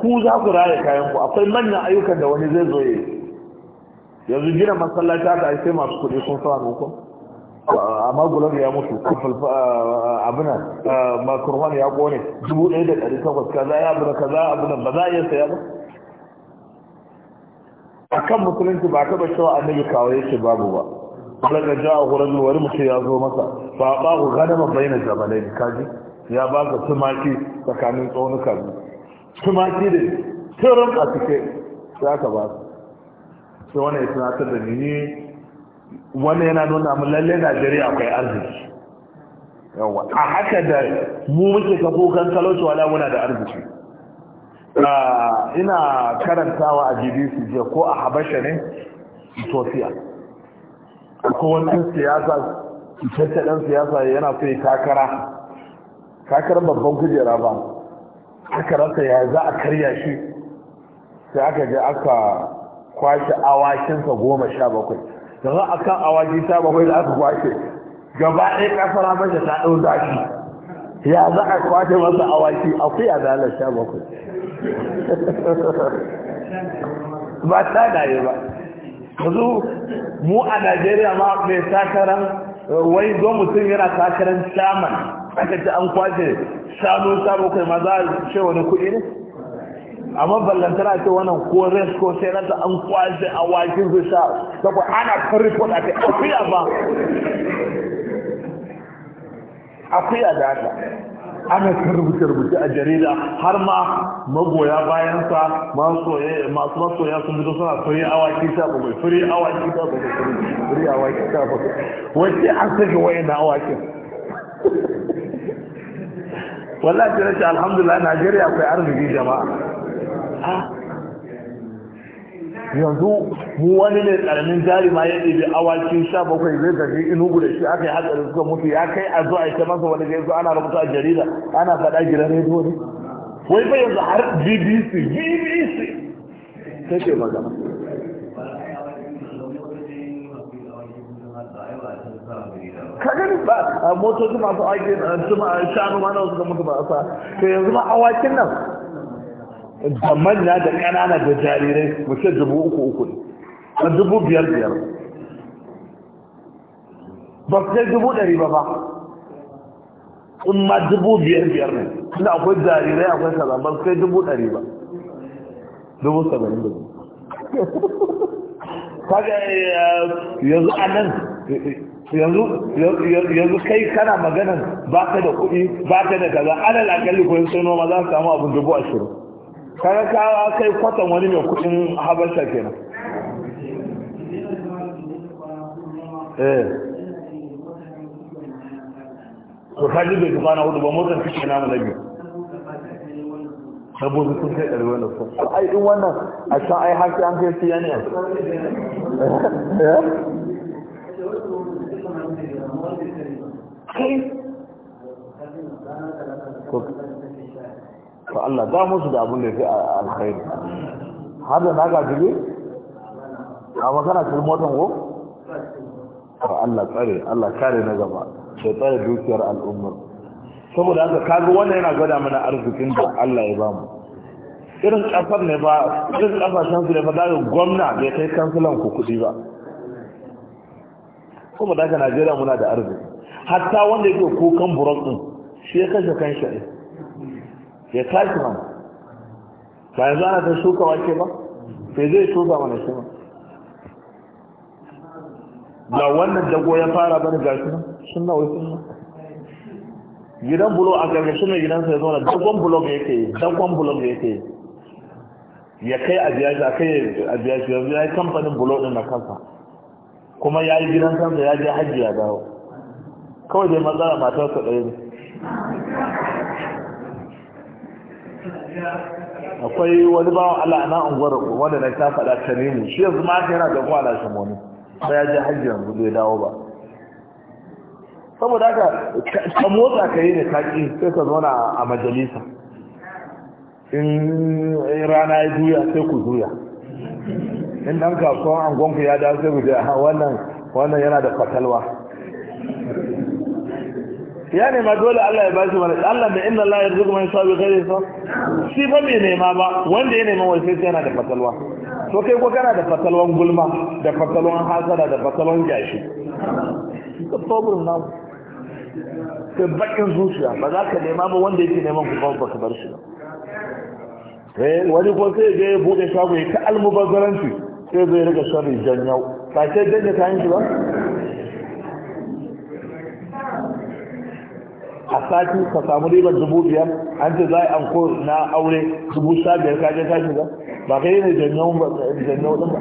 ku za ku raya kayan ku akwai manyan ayyukan da wani zai zo yi yanzu gina masallaci haka sai masu kuɗi sun fara muku amma gulag ya mutu abinan makurman ya kone 1,800 kaza ya abinan kaza abinan ba za a iya saya ba a kan musulunci ba taba cewa annabi kawo ce babu ba daga ja a wurin wani mutu ya zo masa ba a babu ganama bayanin da kaji ya ba ka tumaki tsakanin tsaunuka tumaki da turin a cike za ka ba su sai wani ya tunatar da ni wannan yana nuna mu lalle Najeriya akwai arziki yawa a haka da mu muke ka kokan talauci wala muna da arziki ah, ina karantawa a gbc je ko a Habasha ne Ethiopia ko wani siyasa dan siyasa yana so ya takara babban kujera ba aka rasa ya za a karya shi sai aka je aka kwashe awakinsa goma sha bakwai da za a kan awaji ta bakwai da aka kwashe gaba ɗaya ƙasar mace ta ɗau zafi ya za a kwace masa awaki akwai a dalar sha bakwai ba ta daye ba yanzu mu a najeriya ma mai takarar wai zo mutum yana takarar shaman aka ce an kwace shanu sa bakwai ma za a ce wani kuɗi ne amma ballantana ce wannan ko res ko sai ta an kwashe a wakin su sha ta ku ana kan report a kai akuya ba akuya da haka ana kan rubuce-rubuce a jarida har ma magoya bayansa masu masoya sun fito suna fari awaki sha bakwai fari awaki sha bakwai a awaki ta bakwai wace an sake waye na awakin wallahi ce alhamdulillah najeriya akwai arziki jama'a a yanzu mu wani ne tsananin jari ma ya ɗebi awakin sha bakwai zai gaji inugu da shi aka yi hatsari suka mutu ya kai a zuwa ita masa wani gaisu ana rubuta a jarida ana faɗa gidan rediyo ne wai bai yanzu har bbc bbc ta ce magana ka gani ba a motoci masu ake shanu ma na wasu da mutu ba a sa ke yanzu ma awakin nan da manya da ƙanana da jarirai mu dubu uku uku ne a dubu biyar biyar ba su kai dubu ɗari ba ba in ma dubu biyar biyar ne suna akwai jarirai akwai kaza ba su kai dubu ɗari ba dubu saba'in da kaga eh, yanzu a nan eh, yanzu kai kana maganan ba ka da kuɗi ba ka da kaza alal akalli ko yin noma za su samu abin dubu ashirin kaga ka kai kwatan wani mai kudin habasha kenan eh to kaji bai kwana hudu ba motsa kike namu na biyu saboda sun kai ɗari wani sun ai ɗin wannan a can ai haki an kai siya ne eh? kai to Allah ba musu da abin da ya fi alkhairi har da na gajire a makana cikin motan ko to Allah tsare Allah kare na gaba sai tsare dukiyar al'ummar saboda haka kaga wannan yana gwada mana arzikin da Allah ya ba mu irin kafar ne ba irin kafashen su ne ba da gwamna bai kai kansulan ku kuɗi ba kuma daga haka Najeriya muna da arziki hatta wanda yake kukan burok din shi ya kashe kanshi ɗin ya tashi mana ba yanzu ana ta shuka wake ba sai zai shuka mana shi ba wannan dago ya fara bane ga shi nan sun nawa sun nan gidan bulo a gargashin da gidansa ya zauna dagon bulog yake yi dagon bulog yake yi ya kai a biya shi a kai a biya shi yanzu ya yi kamfanin bulo din na kansa kuma ya yi gidan kansa ya je hajji ya dawo kawai dai matsala matarsa ɗaya ne akwai wani bawan Allah na unguwar wanda na ta faɗa ta nemu shi yanzu ma yana da kwana shi wani sai ya je hajji yanzu bai dawo ba saboda ka ka motsa ka yi ne kaki sai ka zauna a majalisa in rana ya juya sai ku juya in dan kasuwan angonku ya dawo sai ku je wannan wannan yana da fatalwa ya nema dole Allah ya ba shi wani Allah da inna Allah ya rizuku man yasha bi sa shi ba mai nema ba wanda ya nema wai sai yana da fatalwa to kai ko kana da fatalwan gulma da fatalwan hasara da fatalwan gashi ka problem na ka bakin zuciya ba za ka nema ba wanda yake neman ku ba ka bar shi ba eh wani ko sai ga ya bude shago ya ta almubazzaranci sai zai riga shari janyau ba sai danje kayan shi ba a sati ka samu ribar dubu biyar an ce za a yi anko na aure dubu sha biyar ka je ka shiga ba kai ne janyo janyo din ba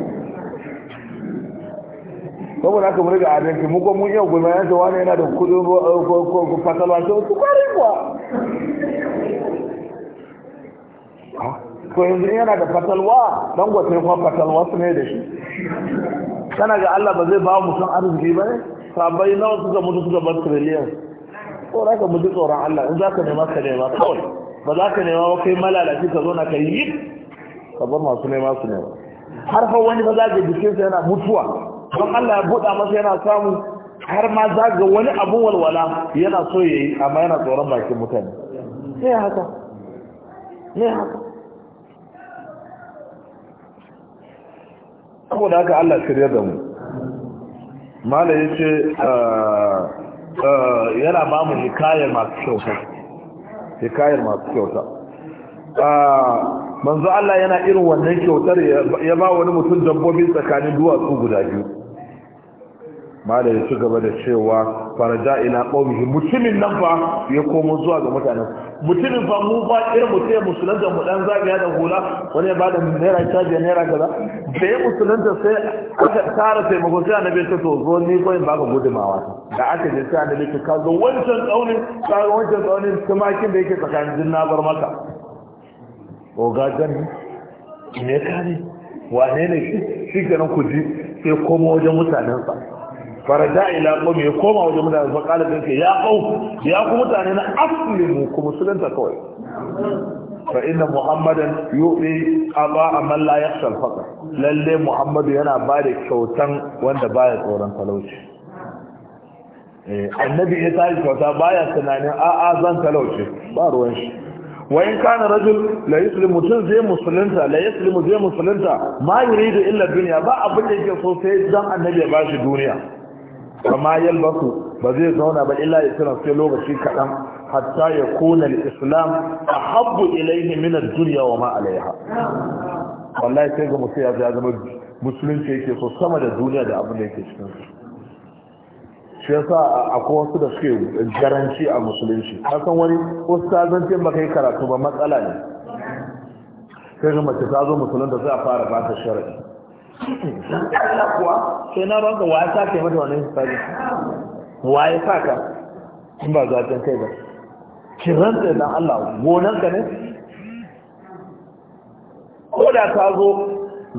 saboda haka mun riga adalci mu ko mun yau gulma ya ce wani yana da kudin eh, fasalwa ce su kwarin kuwa ko yanzu yana da fasalwa don gwata kuma fasalwa su ne da shi kana ga Allah ba zai ba mu mutum arziki ba ne sabai nawa suka mutu suka bar trillions tsora ka muji tsoron Allah in za ka nema ka nema kawai ba za ka nema ba kai malalaci ka zo na ka yi ka bar masu nema su nema har fa wani ba za ka sa yana mutuwa don Allah ya buɗa masa yana samu har ma za ga wani abun walwala yana so ya yi amma yana tsoron bakin mutane ne haka ne haka saboda haka Allah shirya da mu malai ya ce ah, Eh, yana ba mu hikayar masu kyauta hikayar masu kyauta ah, manzo Allah yana irin wannan kyautar ya ba wani mutum dabbobi tsakanin duwatsu guda biyu mala ya ci gaba da cewa faraja ila qaumihi mutumin nan fa ya komo zuwa ga mutanen mutumin fa mu ba irin mutum ya da mu dan ya da hula wani ya bada naira ta da naira kaza da ya musulun sai aka tara sai mako sai annabi ta to zo ni ko in baka gudumawa da aka je sai annabi ta ka zo wancan tsaunin ka wancan tsaunin tumakin da yake tsakanin jinna bar maka o ga gani me kare wane ne shi shi ganin ku ji sai komo wajen mutanensa faraja ila qawmi koma wajen mutane fa qala din ya qaw ya ku mutane na aslimu ku musulunta kawai fa inna muhammadan yu'ti aba man la yakhshal faqr lalle muhammadu yana ba da kyautan wanda baya tsoron talauci eh, annabi ya tashi kyauta baya tunanin a a zan talauci ba ruwan shi wa in kana rajul la yuslimu tun zai musulunta la yuslimu zai musulunta ma yuridu illa dunya ba abin da yake so sai dan annabi ya bashi duniya amma yalbasu ba zai zauna ba illa ya sai lokaci kaɗan hatta ya kona islam a habbu ilaihi min ad-dunya wa ma alaiha wallahi sai ga musu ya zama musulunci yake so sama da duniya da abin da yake cikin su shi yasa akwai wasu da suke garanci a musulunci kasan wani wasu ta zance ba kai karatu ba matsala ne sai ga mace ta zo musulunta sai a fara ba ta sharaɗi Allah kuwa sai na ranka wa ya sake mata wannan hisabi wa ya saka in ba zaton kai ba kiran da dan Allah gonan ka ne ko da ka zo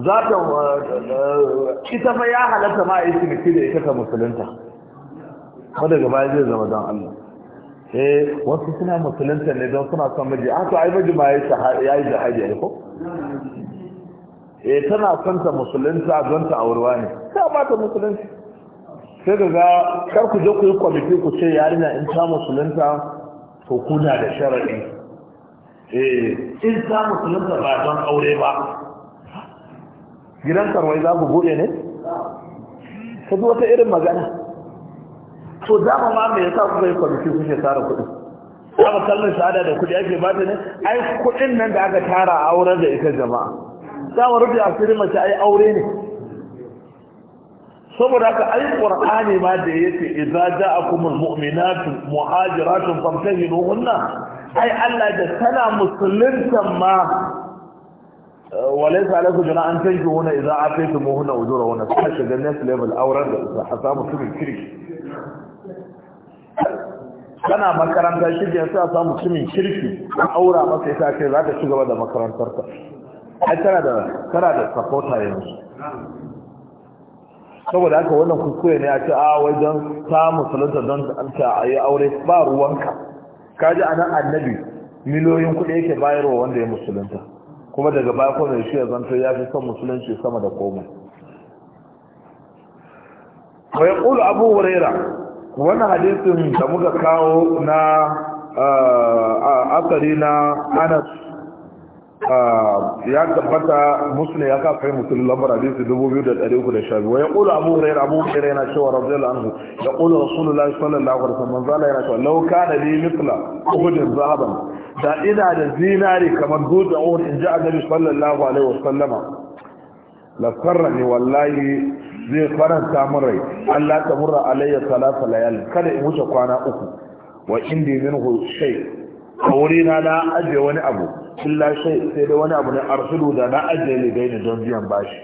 za ta eh, eh, ita fa ya halatta ma a yi siniki da ita ka musulunta ko daga baya zai zama dan Allah eh wasu suna musulunta ne don suna son miji a ah, to ai miji ma ya yi jihadi ai ko eh tana son ta musulunta don ta aurwa ne ta ba ta musulunci sai ga kar ku je ku yi kwamiti ku ce yarinya in ta musulunta to kuna da sharaɗi eh in ta musulunta ba don aure ba gidan sarwai za ku bude ne ka ji wata irin magana to dama ma me yasa kuka yi kwamiti ce tara kuɗi aka kallon shahada da kuɗi ake ba ta ne ai kuɗin nan da aka tara a auren da ita jama'a dawar rufe asirin mace ai aure ne saboda haka ai qur'ani ma da yake idza ja'akumul mu'minatu muhajiratun famtahinuhunna ai Allah da tana musuluntan ma وليس عليكم جناح ان تنجوهن اذا اعطيتموهن اجورهن فحش الناس ليفل اورد حسام cikin كريك kana makaranta shi ya a samu cikin kirki a aura masa ya sa ce za ka ci gaba da makarantarka ai tana da da supporter yanzu saboda haka wannan kuskure ne a ce a ah, wajen samun ta musulunta don an ta yi aure ba ruwanka kaji anan annabi miliyoyin kuɗi yake bayarwa wanda ya musulunta kuma daga baya kuma shi ya zanto ya fi son musulunci sama da koma wai ƙulu abu huraira wannan hadisin da muka kawo na eh, asari na anas ya tabbata muslim ya kafa mutum lambar hadisi biyu ya yaqulu abu hurairah abu hurairah yana cewa radiyallahu anhu yaqulu rasulullahi sallallahu alaihi wasallam zala yana cewa lauka na li mitla uhudin zahaban da ina da zinari kamar dutsen uhud in ji annabi sallallahu alaihi wasallam la ne wallahi zai faranta min rai Allah ta murra alayya salasa layal kada in wuce kwana uku wa indi minhu shay' a wuri na na ajiye wani abu illa shai sai dai wani abu ne arsulu da na ajiye ne dai ne don biyan bashi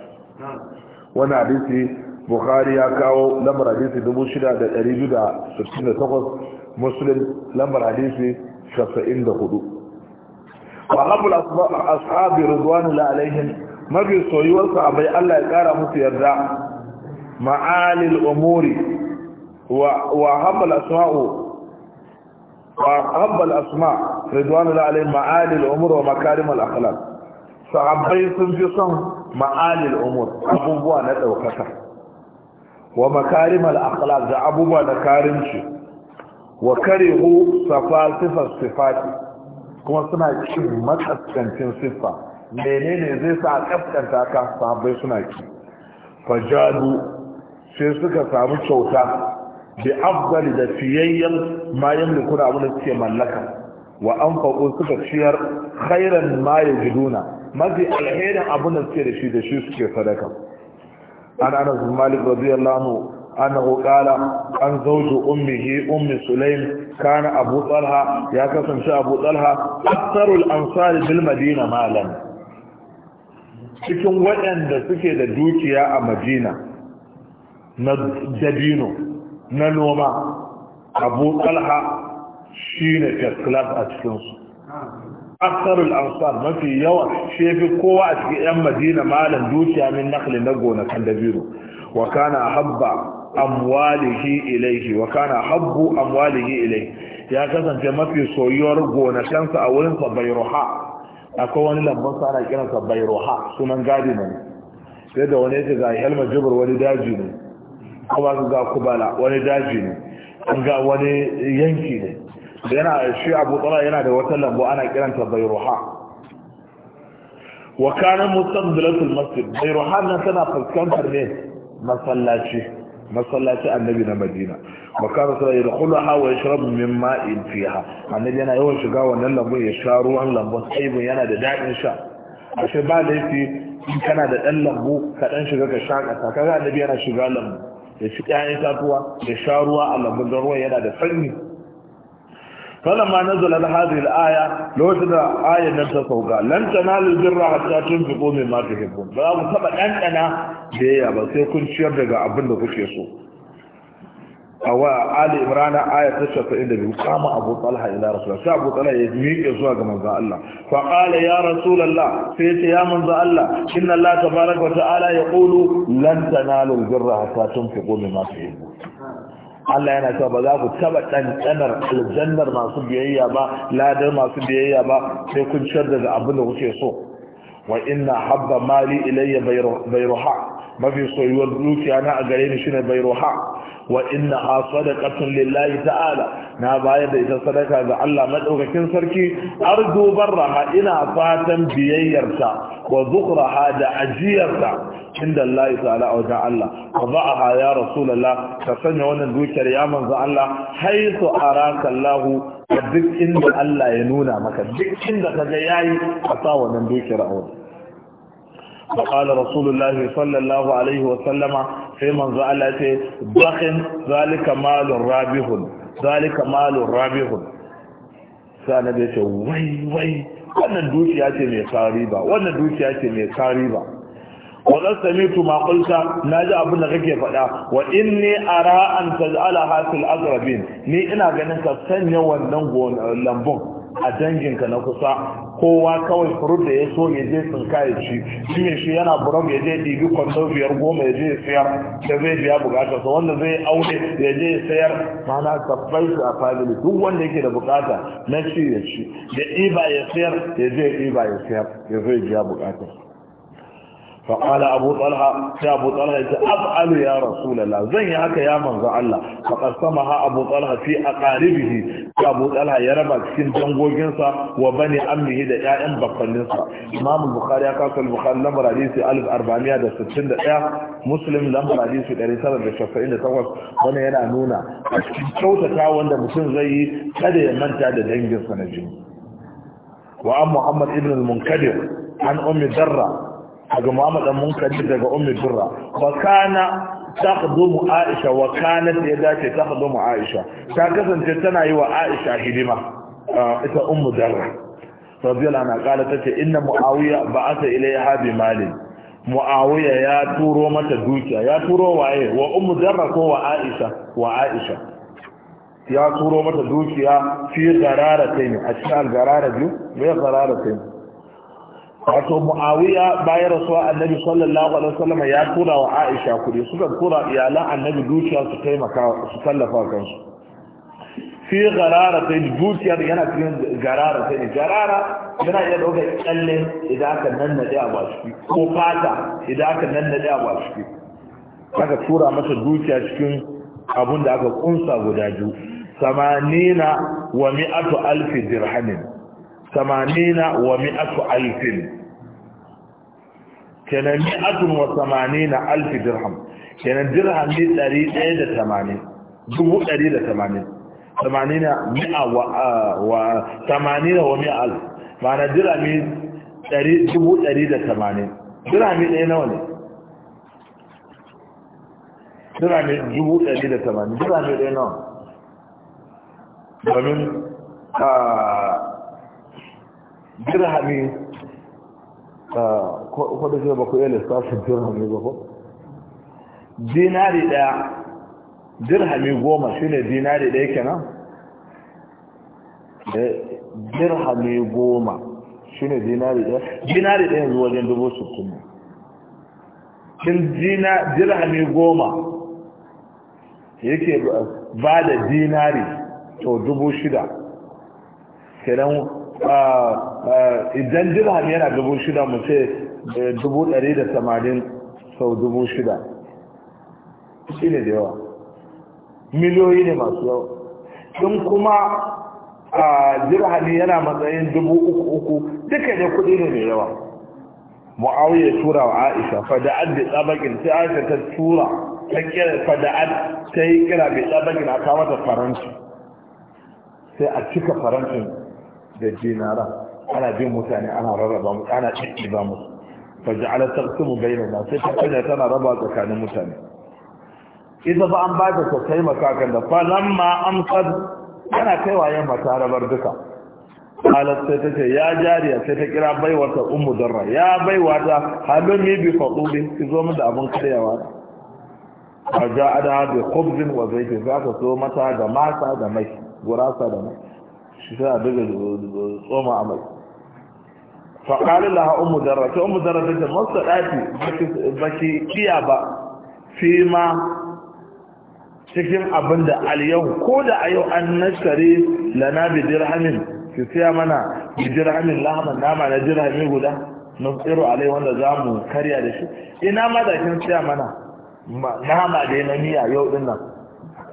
wani hadisi bukhari ya kawo lambar hadisi 6,268 muslim lambar hadisi 94 wahabul ashabi rizwanu la alaihim mafi soyuwarsa abai allah ya kara musu yarda ma'alil umuri wa habul asma'u وأحب الأسماء رضوان الله عليه معالي الأمور ومكارم الأخلاق صحابي في صنع معالي الأمور أبوبوا ندوكتا ومكارم الأخلاق ذا أبوبوا نكارمشي وكرهوا سفالسف الصفات كما سنع سنة كم كنتين صفة menene zai sa kaskanta ka sahabbai suna ki fajadu sai suka samu kyauta bi afdali da fiyayyen ma yamlikuna abin da suke mallaka wa anfaqu suka ciyar khairan ma yajiduna mafi alherin abin da suke da shi da shi suke sadaka an anas bin malik radiyallahu anhu annahu qala an zawju ummihi ummi sulaim kana abu talha ya kasance abu talha aktharul ansar bil madina malan cikin waɗanda suke da dukiya a madina na dabino na noma abu talha shi ne first a cikinsu aksarul ansar mafi yawa shefi kowa a cikin 'yan madina malam dukiya min nakli na gonakan dabiru wa kana habba amwalihi ilaihi wa kana habbu amwalihi ilaihi ya kasance mafi soyuwar gonakansa a wurin sabairuha akwai wani lambun sa ana kiransa bairuha sunan gadi ne sai da wani yake ga helma jibir wani daji ne kuma ga kubala wani daji ne ga wani yanki ne yana shi abu tsara yana da wata lambu ana kiranta bayruha wa kana mustaqbilatul masjid bayruha na tana fuskantar ne masallaci masallaci annabi na madina wa kana sai yadkhulaha wa yashrabu min ma'in fiha annabi yana yawan shiga wannan lambu ya sha ruwan lambu saibin yana da dadin sha ashe ba laifi in kana da dan lambu ka dan shiga ka shakata kaga annabi yana shiga lambu da shi ƙayan tatuwa da sha ruwa a lambun ruwan yana da sanyi kada ma na zala da hadin lokacin da nan ta sauka Lantana, tana lirra a cikin fiko mai mata hebron ba mu taba ɗanɗana da ya ba sai kun ciyar daga abin da kuke so awa ali imran aya ta 72 kama abu talha ila rasul sai abu talha ya miƙe zuwa ga manzo Allah fa qala ya rasulullah sai ce ya manzo Allah inna Allah tabaaraka wa ta'ala yaqulu lan tanalu albirra hatta tunfiqu mimma tuhibbu Allah yana cewa ba za ku taba ɗanɗanar aljannar masu biyayya ba ladar masu biyayya ba sai kun ciyar da abin da kuke so wa inna habba mali ilayya bayruha mafi soyuwar dukiya na a gare ni shine bayruha wa inna ha sadaqatun lillahi ta'ala na bayar da ita sadaka ga Allah madaukakin sarki arju barraha ina fatan biyayyarta wa zukraha da ajiyarta inda Allah ta'ala a wajen Allah wa ba'aha ya rasulullah ka sanya wannan dukiyar ya manzo Allah haythu araka Allah duk inda Allah ya nuna maka duk inda ga yayi ka sa wannan dukiyar a wajen فقال رسول الله صلى الله عليه وسلم في من زعلت بخن ذلك مال رابح ذلك مال رابح سأنا ce wai wai wannan dukiya ce mai kariba wannan dukiya ce mai kariba wannan samitu ma qulta naji abin da kake faɗa wa inni ara an taj'ala ni ina ganin ka sanya wannan lambun a danginka na kusa kowa kawai furut da ya so ya je tsinka ya ci shi ne shi yana buram ya je ɗibi kwando biyar goma ya je ya sayar da zai biya bukata sa wanda zai aure ya je ya sayar mana tabbai su a family duk wanda yake da bukata na shi ya ci da ɗiba ya sayar ya je ɗiba ya sayar ya zai biya bukata فقال أبو طلحة يا أبو طلحة أفعل يا رسول الله زي هكا يا من الله فقسمها أبو طلحة في أقاربه يا أبو طلحة يربع كسين جنجو جنسا وبني أمه دا يا إن بقلنسا إمام البخاري يقاس البخاري لمر حديثي 1460 دا مسلم لمر حديثي 1998 وانا ينا نونا أشكي كوتا كاوان دا مسلم زي كده يمنتع دا دنجنسا نجم وأم محمد ابن المنكدر عن أم درة daga Muhammad dan Munkadir daga Ummi Durra fa kana takhdumu Aisha wa kanat ya dace Aisha ta kasance tana yi wa Aisha hidima ita Ummu Durra radiyallahu anha kala tace inna Muawiya ba'atha ilayha bi malin Muawiya ya turo mata dukiya ya turo waye wa Ummu Durra ko wa Aisha wa Aisha ya turo mata dukiya fi garara kai ne a cikin garara biyu me garara kai wato muawiya bayan rasuwa annabi sallallahu alaihi wasallam ya tura wa aisha kuɗi suka tura iyalan annabi dukiya su taimaka su tallafa kansu fi garara ta dukiyar yana cikin garara ta garara yana iya ɗaukar kyalle idan aka nan na ɗaya ba ciki ko fata idan aka nan na ɗaya ba ciki aka tura masa dukiya cikin abun da aka kunsa guda biyu samanina wa mi'atu alfi dirhamin ثمانين ومئة ألف كان مئة وثمانين ألف درهم كان درهم لتريد أيضا ثمانين جبوا أريد ثمانين ثمانين مئة و... آه، و... ثمانين ومئة ألف معنى درهم جبوا أريد ثمانين درهم أين ولي درهم جبوا أريد ثمانين درهم أين ولي domin dirhami ah, kwada ce ba ku iya lissafin dirhami ba ko dinari daya ne goma shine dinari daya kenan eh, dirhami goma shine dinari daya dinari daya yanzu wajen dubu sukuni shin dirhami goma yake ba da dinari to dubu shida kenan idan dirham yana dubu shida mu ce eh, dubu ɗari da tamanin sau dubu shida shi ne da yawa miliyoyi ne masu yawa in kuma dirhami yana matsayin dubu uku uku duka ne kudi ne mai yawa mu'awiyya tura wa aisha an da tsabakin sai aisha ta tura ta kira an ta yi kira mai tsabakin a kawata faransu sai a cika faransu da dinara ana bin mutane ana rarraba mu ana ba mu ja'ala taqsimu bainana sai ta kanya tana raba tsakanin mutane idan ba an bada ta taimaka kan da falamma amsad kai wa yamma ta rabar duka halar sai ta ce ya jariya sai ta kira baiwata ummu darra ya baiwa baiwata ne bi fadulin ki zo mu da abin karyawa a ja'ada bi khubzin wa zaitun za ta so mata da masa da mai gurasa da mai shi sai a daga tsoma a mai faƙalin laha umu zarra ta umu zarra ta masu ɗafi ba ki kiya ba fi ma cikin abin da aliyau ko da a yau an nashare lana bi dirhamin ki siya mana bi dirhamin lahaman nama na dirhami guda na tsiro alai wanda za mu karya da shi ina ma da kin siya mana nama da na miya yau din nan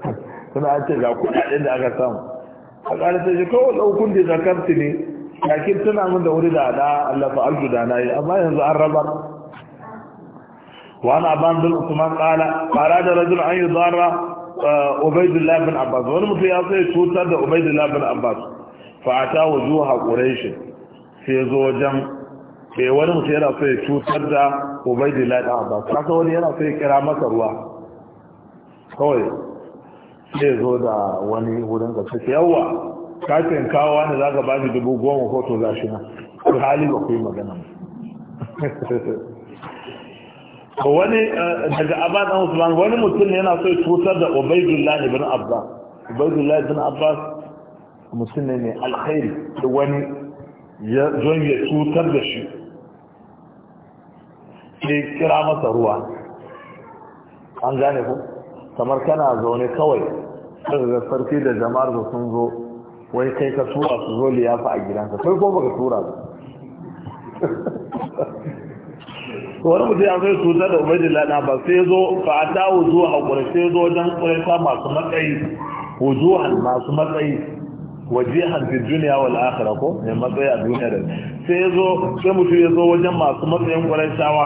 suna an ce ga kuɗaɗen da aka samu a ƙarfe shi kawai ɗaukun da zakarci ne yakin tuna min da wuri da ada Allah fa alju da nayi amma yanzu an raba wa ana ban dul usman qala qala da rajul an yudara uh, ubaydullah bin abbas Wannan mutum ya sai tutar da ubaydullah bin abbas fa ata wujuha quraish sai zo wajen sai eh, wani mutum yana sai tutar da ubaydullah bin abbas kaga wani yana sai kira masa ruwa kawai zai zo da wani wurin ka sai yawa kafin kawo ne za ka bani dubu goma ko to za shi na ko hali ba ku yi magana ko wani eh, daga abad an usman wani mutum yana so ya cutar da ubaidullah ibn abbas ubaidullah ibn abbas mutum ne mai alkhairi da wani ya zo ya cutar da shi ke kira masa ruwa an gane ko kamar kana zaune kawai daga sarki da jama'ar da sun zo wai kai ka tura su zo liyafa a gidanka kai ko baka tura su wani mutum ya zai tuta da da lana ba sai zo ba a ta wuzu a kure sai zo wajen kwaita masu matsayi wujuhan masu matsayi waje hanzu duniya wal akhirah ko ne matsayi a duniya da sai zo sai mutum ya zo wajen masu matsayin kuretawa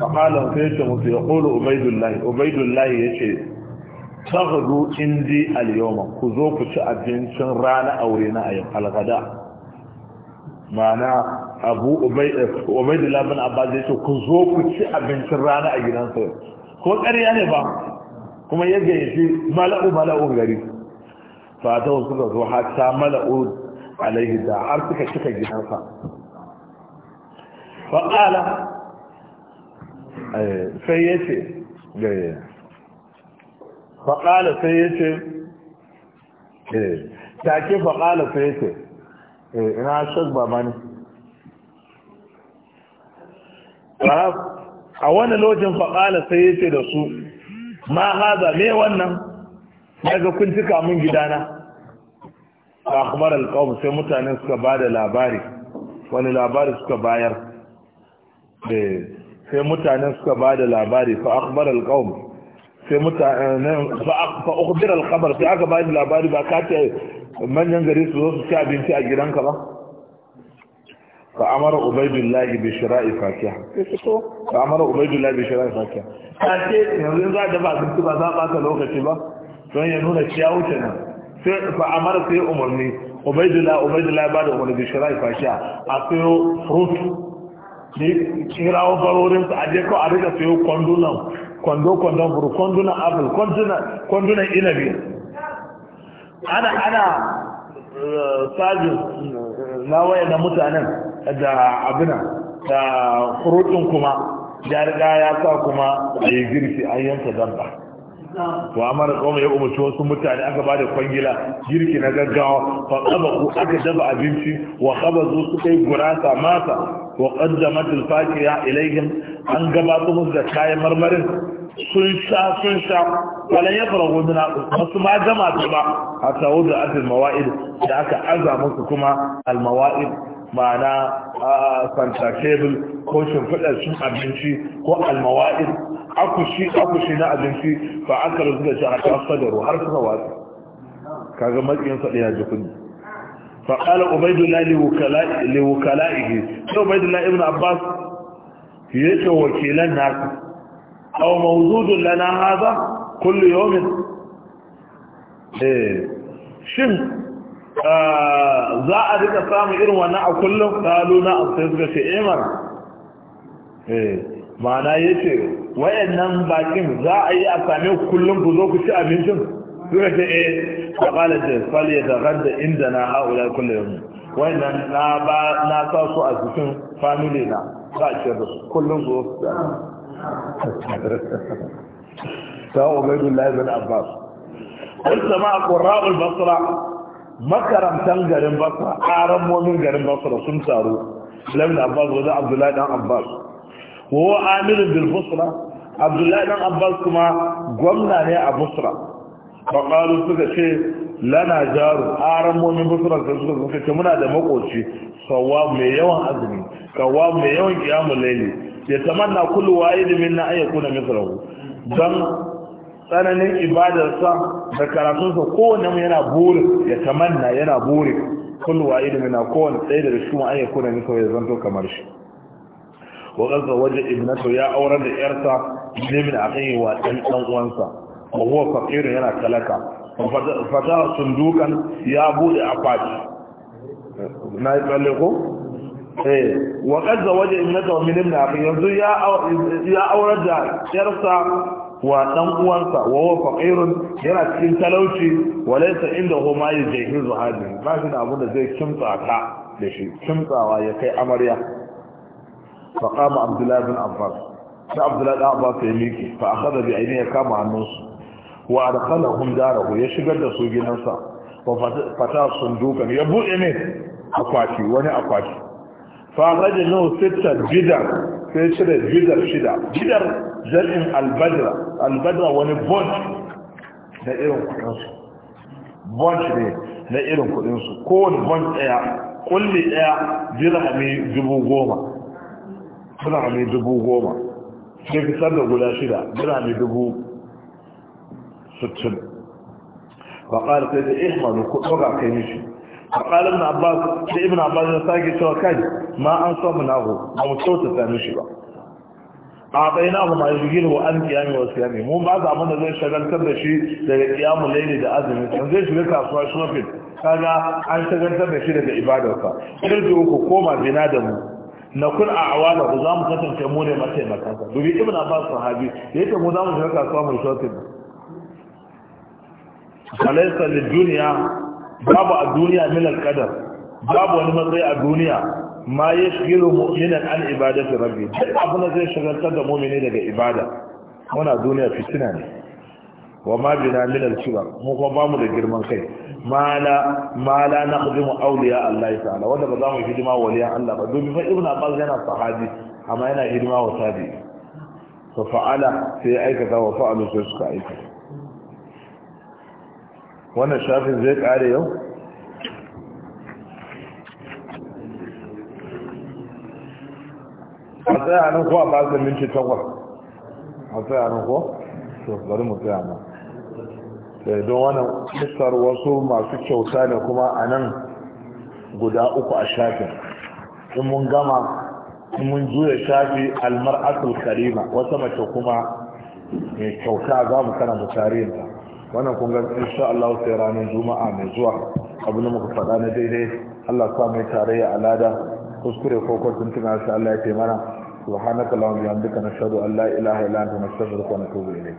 fa qala sai ce mutum ya qulu ubaidullahi ubaidullahi ce. taghdu indi al-yawma ku zo ku ci abincin rana aure na ayyam al-ghada ma'ana abu ubaydullah bin abbas yace ku zo ku ci abincin rana a gidansa ko ƙarya ne ba kuma ya yace mala'u mala'u gari wasu suka zo ta mala'u alaihi da har suka cika gidansa eh sai ya ce faƙala sai ya ce eh, take faƙala sai ya ce eh, ina shak ba mani a wani lokacin faƙala sai ya ce da su ma haza me wannan daga kun cika mun gidana a akhbar alqawm sai mutane suka ba da labari wani labari suka bayar eh, sai mutane suka ba da labari fa akhbar alqawm sai mutane fa ukhbir al khabar sai aka bayin labari ba ka ce manyan gari su zo su ci abinci a gidanka ba fa amara ubaidullahi bi shira'i fakiha sai so fa amara ubaidullahi bi shira'i fakiha ka ce yanzu za da ba abinci ba za ba ka lokaci ba don ya nuna ciya wuce nan sai fa amara sai umarni ubaidullahi ubaidullahi ba da umarni bi shira'i fakiha a sayo fruit ne kirawo barorin su a je ko a rika sayo kwandunan kwando-kwandon furu kwandunan apple kwandunan inabi ana ana eh, sajin eh, na waya na mutanen da abina da kurutun kuma ya riga ya sa kuma a yi girki an yanka dabba wa amara kawai ya umarci wasu mutane aka ba da kwangila girki na gaggawa fa ku aka daba abinci wa qabazu suka yi gurasa masa wa qaddamat al-fakiha ilayhim an su musu da kayan marmarin sun sha sun sha walan yafragu min wasu ma gama su ba hatta wudu mawaid da aka aza musu kuma al ma'ana tebul, ko shimfiɗar cin abinci ko almawa'id akushi akushi na abinci ba aka rasu da shi a kasa da har suka watsa kaga matsayinsa ɗaya jikuni فقال عبيد الله لوكلاء لوكلائه عبيد الله Ibn Abbas? يجي وكيلا ناس او موجود لنا هذا كل Ah, za a rika samun irin wannan a kullum kalu na amsa suka ce emar eh, Mana eh, ya ce wayannan bakin za a yi a same kullum ku zo ku ci abincin suka ce eh a kala ce fali ya zagar da inda na haula kullum wayannan na ba na sa su a cikin family na za a ce kullum ku zo su ta ubaidullah ibn abbas قلت مع قراء البصره makarantan garin basra aramomin garin basra sun taru lamin abbas wajen abdullahi dan abbas wa amirin bil basra abdullahi dan abbas kuma gwamna ne a busra bakaru suka ce lana jaru basra busra suka ce muna da makoci sawa mai yawan azumi kawa mai yawan kiyamun laili ya tamanna kullu wa'id minna ayyakuna mithlahu dan tsananin ibadarsa da karatunsa kowanne mu yana burin ya tamanna yana burin kullu wa idu mina kowanne tsaye da shi an yi kuna nisa ya zanto kamar shi wa ƙasa waje ibnatu ya aurar da yarsa limin a yi wa ɗan ɗan uwansa wa huwa fakirin yana talaka fata sundukan ya buɗe akwati na yi tsalle ko eh, wa ƙasa waje ibnatu min ibn yanzu ya aurar da yarsa wa dan uwansa wa huwa faqirun yana cikin talauci wa laysa indahu ma yujahizu hadi ba shi da abu da zai kimtsa ka da shi kimtsawa ya kai amarya fa qama abdullah bin abbas sai abdullah bin abbas ya miki fa akhadha bi aynihi kama hannunsu wa adkhalahum darahu ya shigar da su gidansa wa fata sundukan ya buɗe ne akwati wani akwati fa rajin nau sittar bidar sai shida bidar shida bidar jar'in albadra albadra wani bond na irin kudinsu bond ne na irin kudinsu kowane bond daya kulli daya dirhami dubu goma dirhami dubu goma sai fitar da guda shida dirhami dubu sittin ba ƙara sai da ihmalu ku ɗora kai mishi a ƙalar na abbas da ibn abbas ya sake cewa kai ma an samu nahu ba mu kyautata mishi ba a tsayin abu mai jigil wa an kiyami wa siyami mun ba za da zai shagaltar da shi daga kiyamu laili da azumi can zai shiga kasuwa shopping kaga an shagaltar da shi daga ibadarsa irin da uku koma zina da mu na kun a awala ku za mu kasance mu ne mace ka dubi ibn abbas sahabi da yake mu za mu shiga kasuwa mu shopping alaysa lid dunya babu a duniya min al qadar babu wani matsayi a duniya ma ya shigilu mu'minan an ibadatu rabbi duk abin da zai shagaltar da mu'mini daga ibada muna duniya fitina ne wa ma bina min al-kibar mu kuma bamu da girman kai mala mala nakhdimu awliya Allah ta'ala wanda ba za mu hidima waliya Allah ba domin fa ibnu abbas yana sahabi amma yana hidima wa tabi fa fa'ala sai aikata wa fa'alu sai suka aika wannan shafin zai kare yau a tsaya nan ko a basu minti takwas a tsaya nan ko to bari mu tsaya nan sai eh, don wannan kisar wasu masu kyauta ne kuma a nan guda uku a shafin in mun gama in mun juya shafi almar'atul karima wata mace kuma mai kyauta za mu karanta tarihinta wannan kun ga insha Allah sai ranar juma'a mai zuwa abin da muka faɗa na daidai Allah sa mai tarayya alada kuskure ko ko tuntuna sai Allah ya taimana subhanaka allahumma bihamdika nashhadu an la ilaha illa anta nastaghfiruka wa natubu ilayk